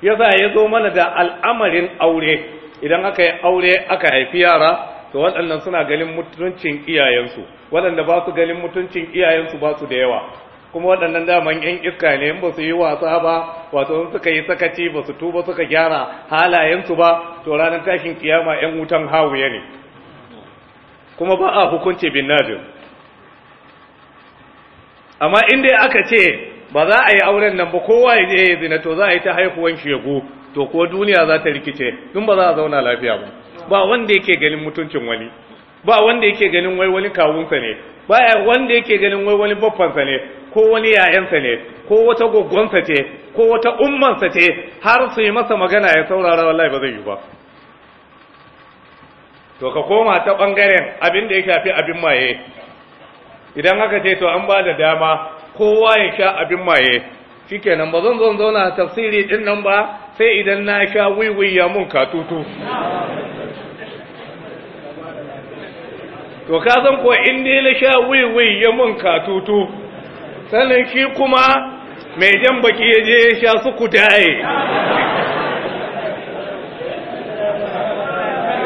yasa ya zo mana da al'amarin aure idan aka yi aure aka haifi yara to waɗannan suna ganin mutuncin iyayensu waɗanda ba su ganin mutuncin iyayensu ba su da yawa kuma waɗannan daman yan iska ne in ba su yi wasa ba wato in suka yi sakaci ba su tuba suka gyara halayensu ba to ranar tashin kiyama yan wutan hawuye ne kuma ba a hukunci bin Amma amma dai aka ce ba za a yi auren nan ba kowa ya je ya zina to za a yi ta haihuwan shegu to ko duniya za ta rikice dun ba za a zauna lafiya ba ba wanda yake ganin mutuncin wani ba wanda yake ganin wai wani kawunsa ne ba wanda yake ganin wai wani babbansa ne ko wani yayansa ne ko wata goggonsa ce ko wata ummansa ce har su yi masa magana ya saurara wallahi ba zai yi ba to ka koma ta ɓangaren abin da ya shafi abin maye idan aka ce to an ba da dama kowa ya sha abin maye shikenan ba zan zo zauna tafsiri din nan ba sai idan na sha wiwi ya mun katutu to ka san ko in ne na sha wiwi ya mun katutu sannan shi kuma mai jan baki ya je ya sha su kudaye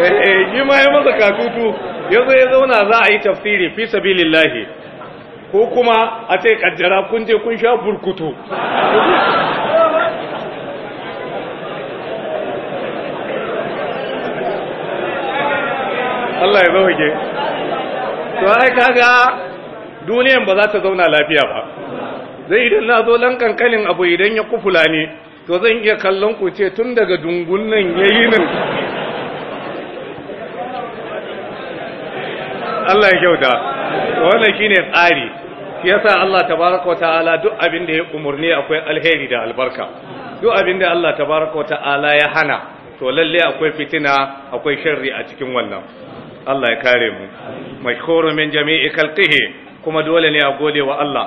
Eh, shi ma ya masa katutu yanzu ya zauna za a yi tafsiri fi sabilillahi ko kuma a ce kajjara kun je kun sha burkutu Allah ya zauke to ai kaga duniyan ba za ta zauna lafiya ba zai idan na zo lan kankanin abu idan ya kufula ne to zan iya kallon ku ce tun daga dungun nan yayi nan Allah ya kyauta wannan shine tsari yasa Allah tabaraka wa ta'ala duk abin da ya umurni akwai alheri da albarka duk abin da Allah tabaraka wa ta'ala ya hana to lalle akwai fitina akwai sharri a cikin wannan Allah ya kare mu mashkuru min jami'i khalqihi kuma dole ne a gode wa Allah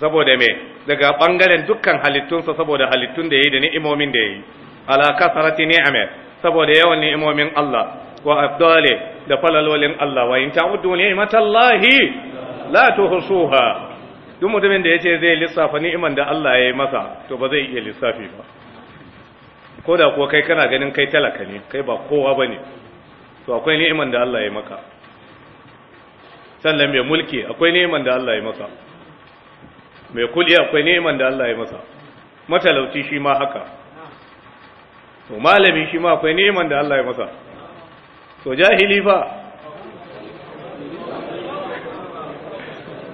saboda me daga bangaren dukkan halittunsa saboda halittun da yayi da ni'imomin da yayi ala kasarati ni'ame saboda yawan ni'imomin Allah wa afdali da falalolin Allah wa in duniyai matallahi la tuhsuha duk mutumin da yace zai lissafa ni'iman da Allah ya yi masa to ba zai iya lissafi ba ko da kuwa kai kana ganin kai talaka ne kai ba kowa bane to akwai ni'iman da Allah ya yi maka sannan mai mulki akwai ni'iman da Allah ya yi masa mai kuli akwai ni'iman da Allah ya yi masa matalauci shi ma haka to malami shi ma akwai ni'iman da Allah ya yi masa So jahili fa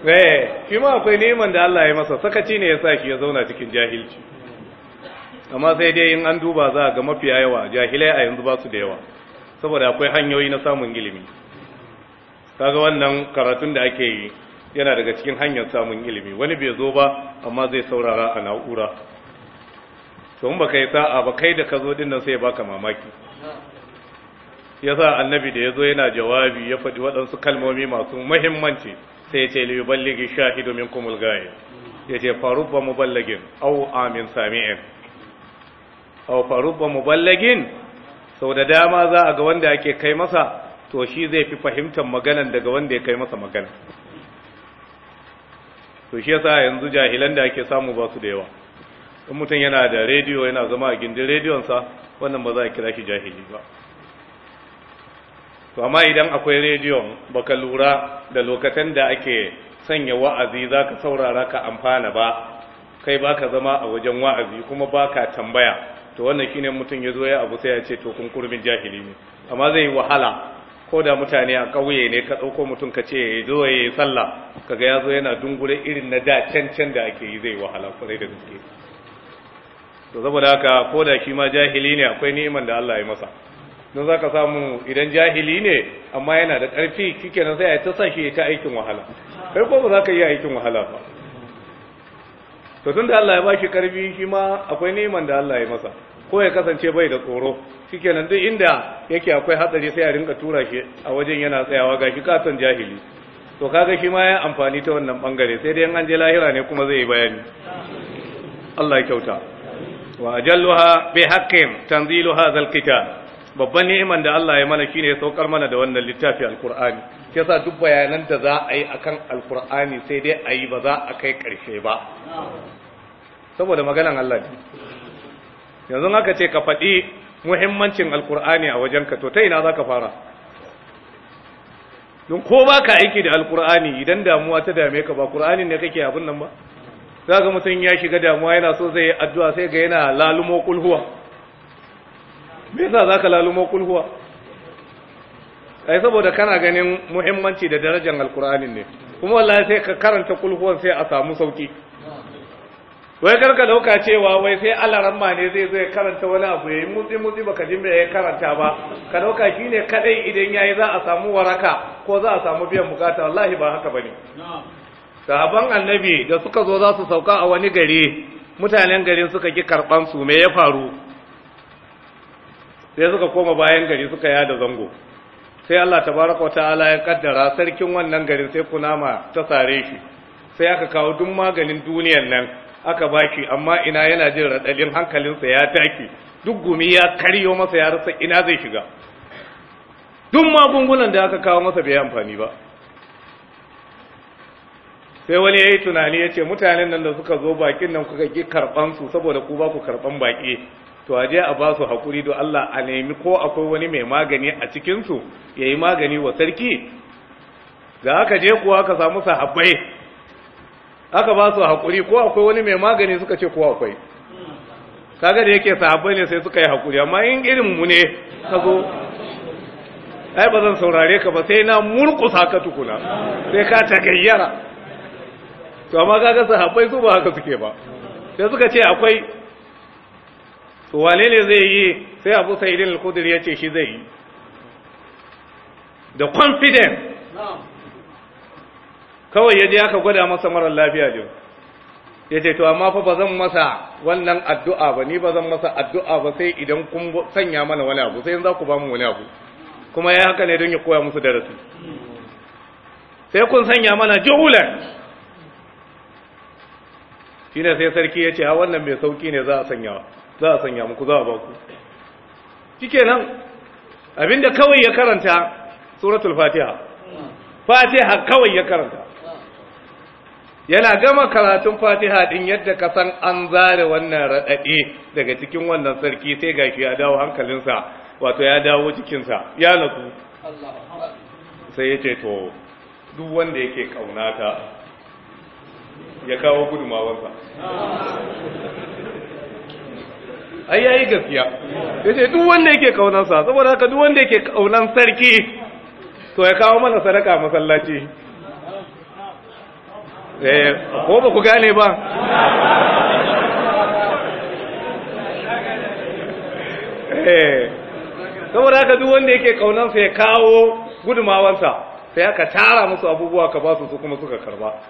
ne shi ma akwai neman da Allah ya masa sakaci ne ya sa shi ya zauna cikin jahilci amma sai dai in an duba za a ga mafiya yawa jahilai a yanzu ba su da yawa saboda akwai hanyoyi na samun ilimi kaga wannan karatun da ake yi yana daga cikin hanyar samun ilimi wani bai zo ba amma zai saurara a na'ura to in baka yi sa'a ba kai da ka zo din nan sai baka mamaki yasa annabi da ya zo yana jawabi ya faɗi waɗansu kalmomi masu muhimmanci sai ya ce li yuballighi shahidu minkumul ghaib ya ce farubba muballagin au amin sami'in au farubba muballagin sau da dama za a ga wanda ake kai masa to shi zai fi fahimtar maganan daga wanda ya kai masa magana to shi yasa yanzu jahilan da ake samu ba su da yawa in mutum yana da rediyo yana zama a gindin rediyonsa wannan ba za a kira shi jahili ba to amma idan akwai rediyon baka lura da lokacin da ake sanya wa'azi za ka saurara ka amfana ba kai ba ka zama a wajen wa'azi kuma ba ka tambaya to wannan shine mutum ya zo ya abu sai ya ce to kun kurmin jahili ne amma zai wahala ko da mutane a ƙauye ne ka ɗauko mutum ka ce ya zo ya yi sallah kaga ya zo yana dungure irin na da can can da ake yi zai wahala kwarai da gaske to saboda haka ko da shi ma jahili ne akwai ni'iman da Allah ya masa don za ka samu idan jahili ne amma yana da ƙarfi kike nan sai a ta sa ya ta aikin wahala kai ko ba za ka yi aikin wahala ba to tun da Allah ya ba ƙarfi shi ma akwai neman da Allah ya masa ko ya kasance bai da tsoro kike nan duk inda yake akwai hatsari sai a rinka tura shi a wajen yana tsayawa ga shi katon jahili to kaga shi ma ya amfani ta wannan bangare sai dai an je lahira ne kuma zai yi bayani Allah ya kyauta wa ajalluha bi haqqin tanzilu hadha alqitab babban ni'iman da Allah ya mana shine ya saukar mana da wannan littafi alkur'ani sa duk bayanan da za a yi akan alqur'ani sai dai a yi ba za a kai karshe ba saboda maganan Allah ne yanzu haka ce ka faɗi muhimmancin alqur'ani a wajenka to ta ina za ka fara don ko ba ka aiki da alkur'ani idan damuwa ta dame ka ba qur'anin ne kake abin nan ba za ka mutum ya shiga damuwa yana so zai yi addu'a sai ga yana lalumo kulhuwa me yasa zaka lalumo kulhuwa ai saboda kana ganin muhimmanci da darajar alkur'anin ne kuma wallahi sai ka karanta kulhuwan sai a samu sauki wai karka dauka cewa wai sai allah alaramma ne zai zai karanta wani abu yayin mutsi mutsi baka ji me ya karanta ba ka dauka shine kadai idan yayi za a samu waraka ko za a samu biyan bukata wallahi ba haka bane sahaban annabi da suka zo za su sauka a wani gari mutanen garin suka ki karban su me ya faru sai suka koma bayan gari suka ya da zango sai Allah tabaraka ta'ala ya kaddara sarkin wannan garin sai kunama ta sare shi sai aka kawo duk maganin duniyar nan aka baki amma ina yana jin radalin hankalinsa ya take duk gumi ya karyo masa ya rasa ina zai shiga duk magungunan da aka kawo masa bai amfani ba sai wani ya yi tunani ya ce mutanen nan da suka zo bakin nan kuka ki karɓansu saboda ku ba ku karɓan baƙi to a je a ba su haƙuri don Allah a nemi ko akwai wani mai magani a cikinsu ya yi magani wa sarki da aka je kuwa aka samu sahabbai aka ba su haƙuri ko akwai wani mai magani suka ce kuwa akwai kaga da yake sahabbai ne sai suka yi haƙuri amma in irin mu ne ka zo ai ba zan saurare ka ba sai na murƙusa ka tukuna sai ka ta gayyara to amma kaga sahabbai su ba haka suke ba sai suka ce akwai to wane ne zai yi sai abu sa'idin al-khudri ya ce shi zai yi da confidence kawai ya ka aka gwada masa mara lafiya ne ya ce to amma fa ba zan masa wannan addu'a ba ni ba zan masa addu'a ba sai idan kun sanya mana wani abu sai za ku ba mu wani abu kuma ya haka ne don ya koya musu darasi sai kun sanya mana juhulan shi ne sai sarki ya ce ha wannan mai sauki ne za a sanyawa za a sanya muku za a baku nan abinda kawai ya karanta suratul fatiha fatiha kawai ya karanta yana gama karatun fatiha din yadda ka san an zare wannan raɗaɗe daga cikin wannan sarki sai gashi ya dawo hankalinsa wato ya dawo jikinsa ya naku sai ya ce to duk wanda yake kaunata ya kawo gudumawarsa ai yayi gaskiya yace duk wanda yake kaunan sa saboda haka duk wanda yake kaunan sarki to ya kawo mana sadaka masallaci eh ko ba ku gane ba eh saboda haka duk wanda yake kaunan sa ya kawo gudumawansa sai aka tara musu abubuwa ka ba su su kuma suka karba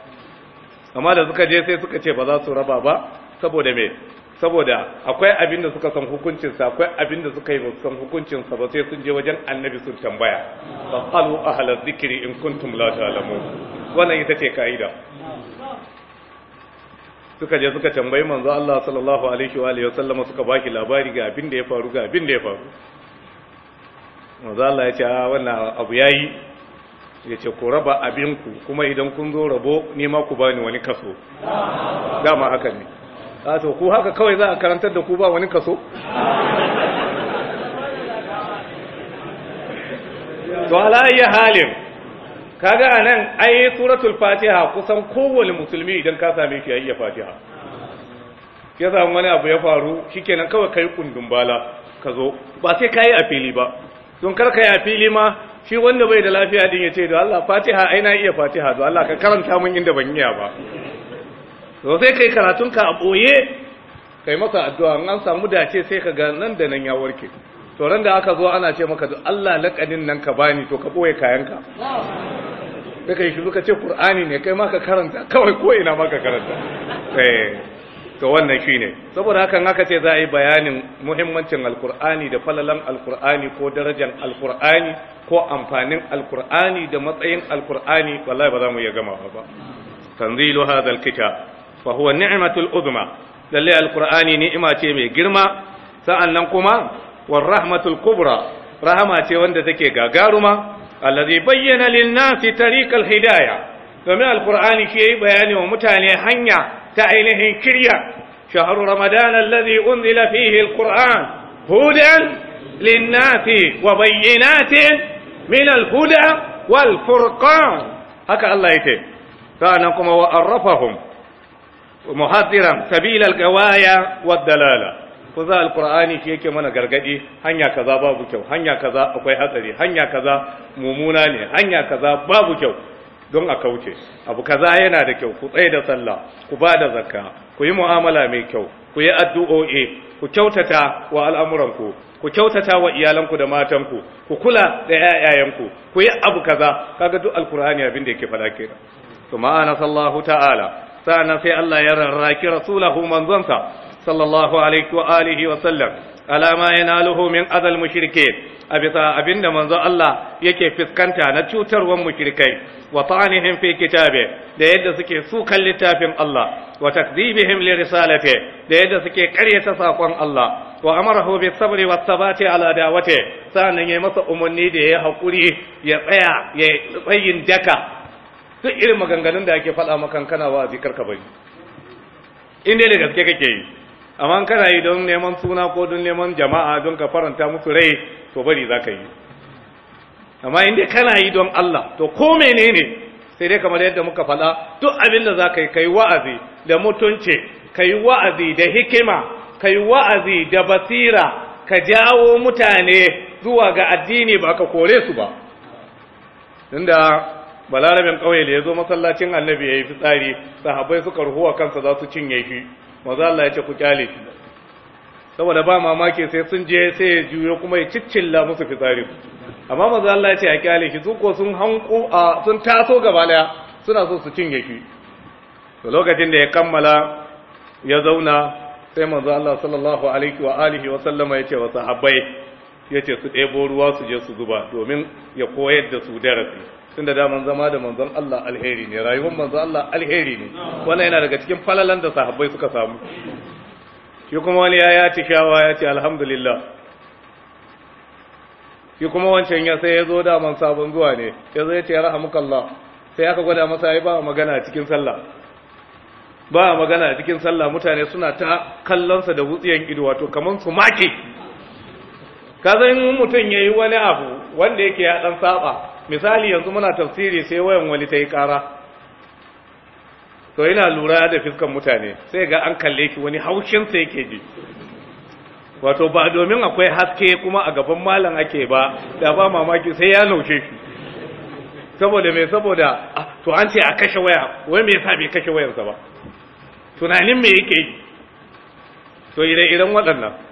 amma da suka je sai suka ce ba za su raba ba saboda me saboda akwai abin da suka san hukuncinsa akwai abin da suka yi ba san hukuncinsa ba sai sun je wajen annabi sun tambaya fa qalu ahla dhikri in kuntum la ta'lamun wannan ita ce kaida suka je suka tambayi manzo Allah sallallahu alaihi wa alihi wasallama suka baki labari ga abin da ya faru ga abin da ya faru manzo Allah ya ce ah, wannan abu yayi ya ce ku raba abinku kuma idan kun zo rabo nema ku bani wani kaso dama haka ne a to ku haka kawai za a karantar da ku ba wani kaso to alayya halin kaga anan ayi suratul fatiha kusan kowane musulmi idan ka same shi yayi fatiha ya zama wani abu ya faru shikenan kawai kai kundun bala ka zo ba sai kai a fili ba don kar kai a fili ma shi wanda bai da lafiya din ya ce da Allah fatiha ai iya fatiha to Allah ka karanta mun inda ban iya ba to sai kai ka a ɓoye kai masa addu'a an samu dace sai ka ga nan da nan ya warke to ran da aka zo ana ce maka to Allah laƙanin nan ka bani to ka ɓoye kayanka sai kai shiru ka ce Qur'ani ne kai ma ka karanta kawai ko ina ma ka karanta eh to wannan shine saboda hakan haka ce za a yi bayanin muhimmancin alkur'ani da falalan alkur'ani ko darajar alkur'ani ko amfanin alkur'ani da matsayin alkur'ani wallahi ba za mu iya gama ba tanzilu hadha alkitab fa huwa ni'matul uzma lalle alqur'ani ni'ima ce mai girma sa'annan kuma wa rahmatul kubra rahama ce wanda take gagaruma allazi bayyana lin nasi tariqal hidaya. domin alqur'ani shi yayi bayani wa mutane hanya ta ainihin kirya shahru ramadan allazi unzila fihi alqur'an hudan lin nasi wa bayyinatin min alhuda wal furqan haka Allah yake sa'annan kuma wa arrafahum muhaddiran sabilal gawaya wa dalala ko za alqur'ani shi yake mana gargadi hanya kaza babu kyau hanya kaza akwai hatsari hanya kaza mumuna ne hanya kaza babu kyau don a kauce abu kaza yana da kyau ku tsaye da sallah ku ba da zakka ku yi mu'amala mai kyau ku yi addu'o'i ku kyautata wa al'amuranku ku kyautata wa iyalanku da matanku ku kula da 'ya'yanku. ku yi abu kaza kaga duk alqur'ani abin da yake faɗa kenan to ma'ana sallahu ta'ala sa'annan sai Allah ya rarraki rasulahu manzonsa sallallahu alaihi wa alihi wa sallam alama yana min azal mushrike a bisa abinda manzo Allah yake fuskanta na cutarwan mushirkai wa ta'anihim fi kitabe da yadda suke sukan littafin Allah wa takdhibihim li risalati da yadda suke karyata sakon Allah wa amarahu bi sabri wa al'ada ala dawati nan yayi masa umarni da yayi hakuri ya tsaya ya tsayin daka duk irin maganganun da ake faɗa maka kana wa zikar ka bari in dai da gaske kake yi amma kana yi don neman suna ko don neman jama'a don ka faranta musu rai to bari za ka yi amma in dai kana yi don Allah to ko menene sai dai kamar yadda muka faɗa duk abin da za ka yi kai wa'azi da mutunci kai wa'azi da hikima kai wa'azi da basira ka jawo mutane zuwa ga addini ba ka kore su ba inda balarabin ƙauye da ya zo masallacin annabi ya yi fitsari sahabai suka ruhuwa kansa za su cinye shi maza Allah ya ce ku kyale shi saboda ba mamaki sai sun je sai ya juyo kuma ya ciccilla musu fitsari amma maza Allah ya ce a kyale shi suko sun hanko a sun taso gaba daya suna so su cinye shi to lokacin da ya kammala ya zauna sai maza Allah sallallahu alaihi wa alihi wa sallama ya ce wa sahabbai ya ce su ɗebo ruwa su je su zuba domin ya koyar da su darasi tunda daman zama da manzon Allah alheri ne rayuwar manzon Allah alheri ne wannan yana daga cikin falalan da sahabbai suka samu shi kuma wani ya ya shawa ya ce alhamdulillah shi kuma wancan ya sai ya zo daman sabon zuwa ne ya zo ya ce rahamukallah sai aka gwada masa ai ba magana cikin sallah ba magana cikin sallah mutane suna ta kallonsa da wutsiyan ido wato kaman su make ka zan mutum yayi wani abu wanda yake ya dan saba misali yanzu muna tafsiri sai wayan wani ta yi ƙara to yana lura da fiskan mutane sai ga an kalle ki wani haushinsa yake ji wato ba domin akwai haske kuma a gaban malam ake ba da ba mamaki sai ya naushe shi saboda mai saboda ah, to an ce a kashe waya wai me yasa bai kashe wayarsa ba tunanin me yake yi to ire-iren waɗannan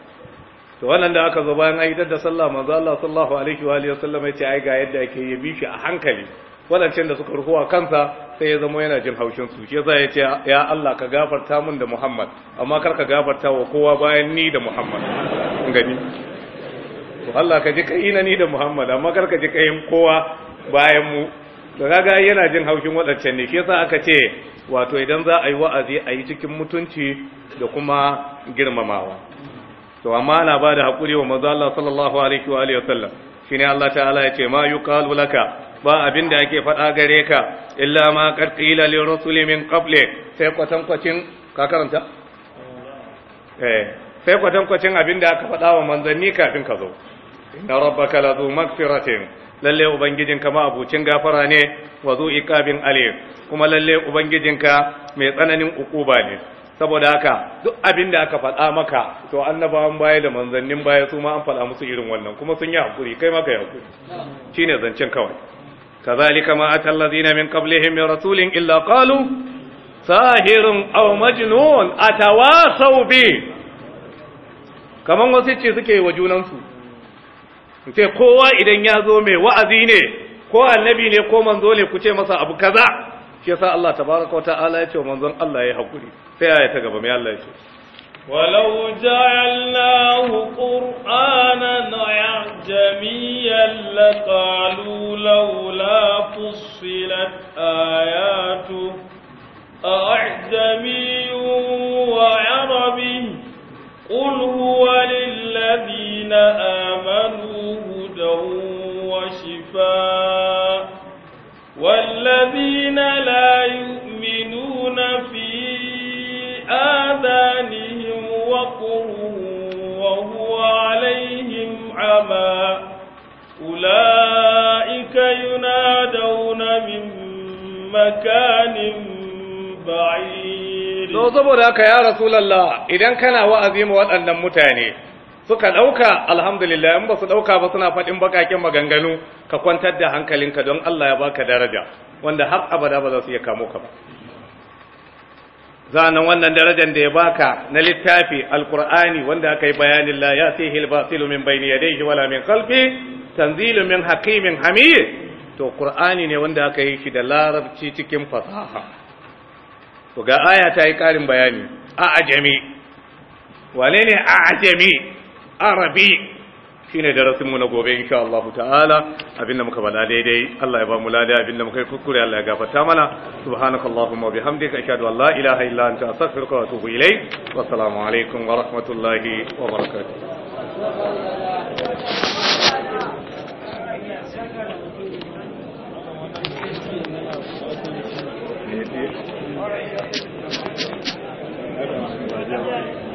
to wannan da aka zo bayan aidar da sallah manzo Allah sallallahu alaihi wa alihi wasallam yace ai ga yadda ake yi bishi a hankali wadancan da suka rufuwa kansa sai ya zama yana jin haushin su shi yasa yace ya Allah ka gafarta mun da Muhammad amma kar ka gafarta wa kowa bayan ni da Muhammad gani to Allah ka ji kai na ni da Muhammad amma kar ka ji kai kowa bayan mu to kaga yana jin haushin wadancan ne shi yasa aka ce wato idan za a yi wa'azi a yi cikin mutunci da kuma girmamawa to amma ana ba da haƙuri wa manzo Allah sallallahu alaihi wa alihi wasallam shine Allah ta'ala ya ce ma yuqalu laka ba abin da ake faɗa gare ka illa ma qad qila li rusuli min qabli sai kwatan kwacin ka karanta eh sai kwatan kwacin abin da aka faɗa wa manzanni kafin ka zo inna rabbaka lazu magfiratin lalle ubangijinka ma abucin gafara ne wa zu iqabin alim kuma lalle ubangijinka mai tsananin ukuba ne saboda haka duk abin da aka faɗa maka to annabawan baya da manzannin baya su ma an faɗa musu irin wannan kuma sun yi hakuri kai maka hakuri shine zancen kawai kazalika ma atal ladina min qablihim min rasulin illa qalu sahirun aw majnun atawasaw bi kaman wasu ce suke wa junansu ce kowa idan ya zo mai wa'azi ne ko annabi ne ko manzo ne ku ce masa abu kaza shi yasa Allah tabaraka wata'ala ya ce wa manzon Allah yayi hakuri sai aya ta gaba mai Allah ya ce walau ja'alnahu qur'anan ya'jamiyan laqalu laula fussilat ayatu a'jami wa arabi قل هو للذين آمنوا هدى وشفاء والذين لا يؤمنون في آذانهم وقر وهو عليهم عمى أولئك ينادون من مكان بعيد. Zo saboda haka ya Rasulallah idan kana wa'azi ma waɗannan mutane, suka ɗauka alhamdulillah in ba su ɗauka ba suna faɗin baƙaƙen maganganu ka kwantar da hankalinka don Allah ya baka daraja wanda har abada ba za su iya kamo ka ba zanen wannan darajar da ya baka na littafi alkur'ani wanda aka yi bayanin la ya sai ya min bayni yadayhi wala min khalfi tanzilu min hakimin hamid to qur'ani ne wanda aka yi shi da larabci cikin fasaha to ga aya ta yi karin bayani a ajami wane ne a ajami arabi shine darasin mu na gobe insha Allah ta'ala abinda muka bada daidai Allah ya ba mu lada abinda muka yi kukkure Allah ya gafarta mana subhanakallahumma wa bihamdika ashhadu an la ilaha illa anta astaghfiruka wa atubu ilayk wa assalamu alaykum wa rahmatullahi wa barakatuh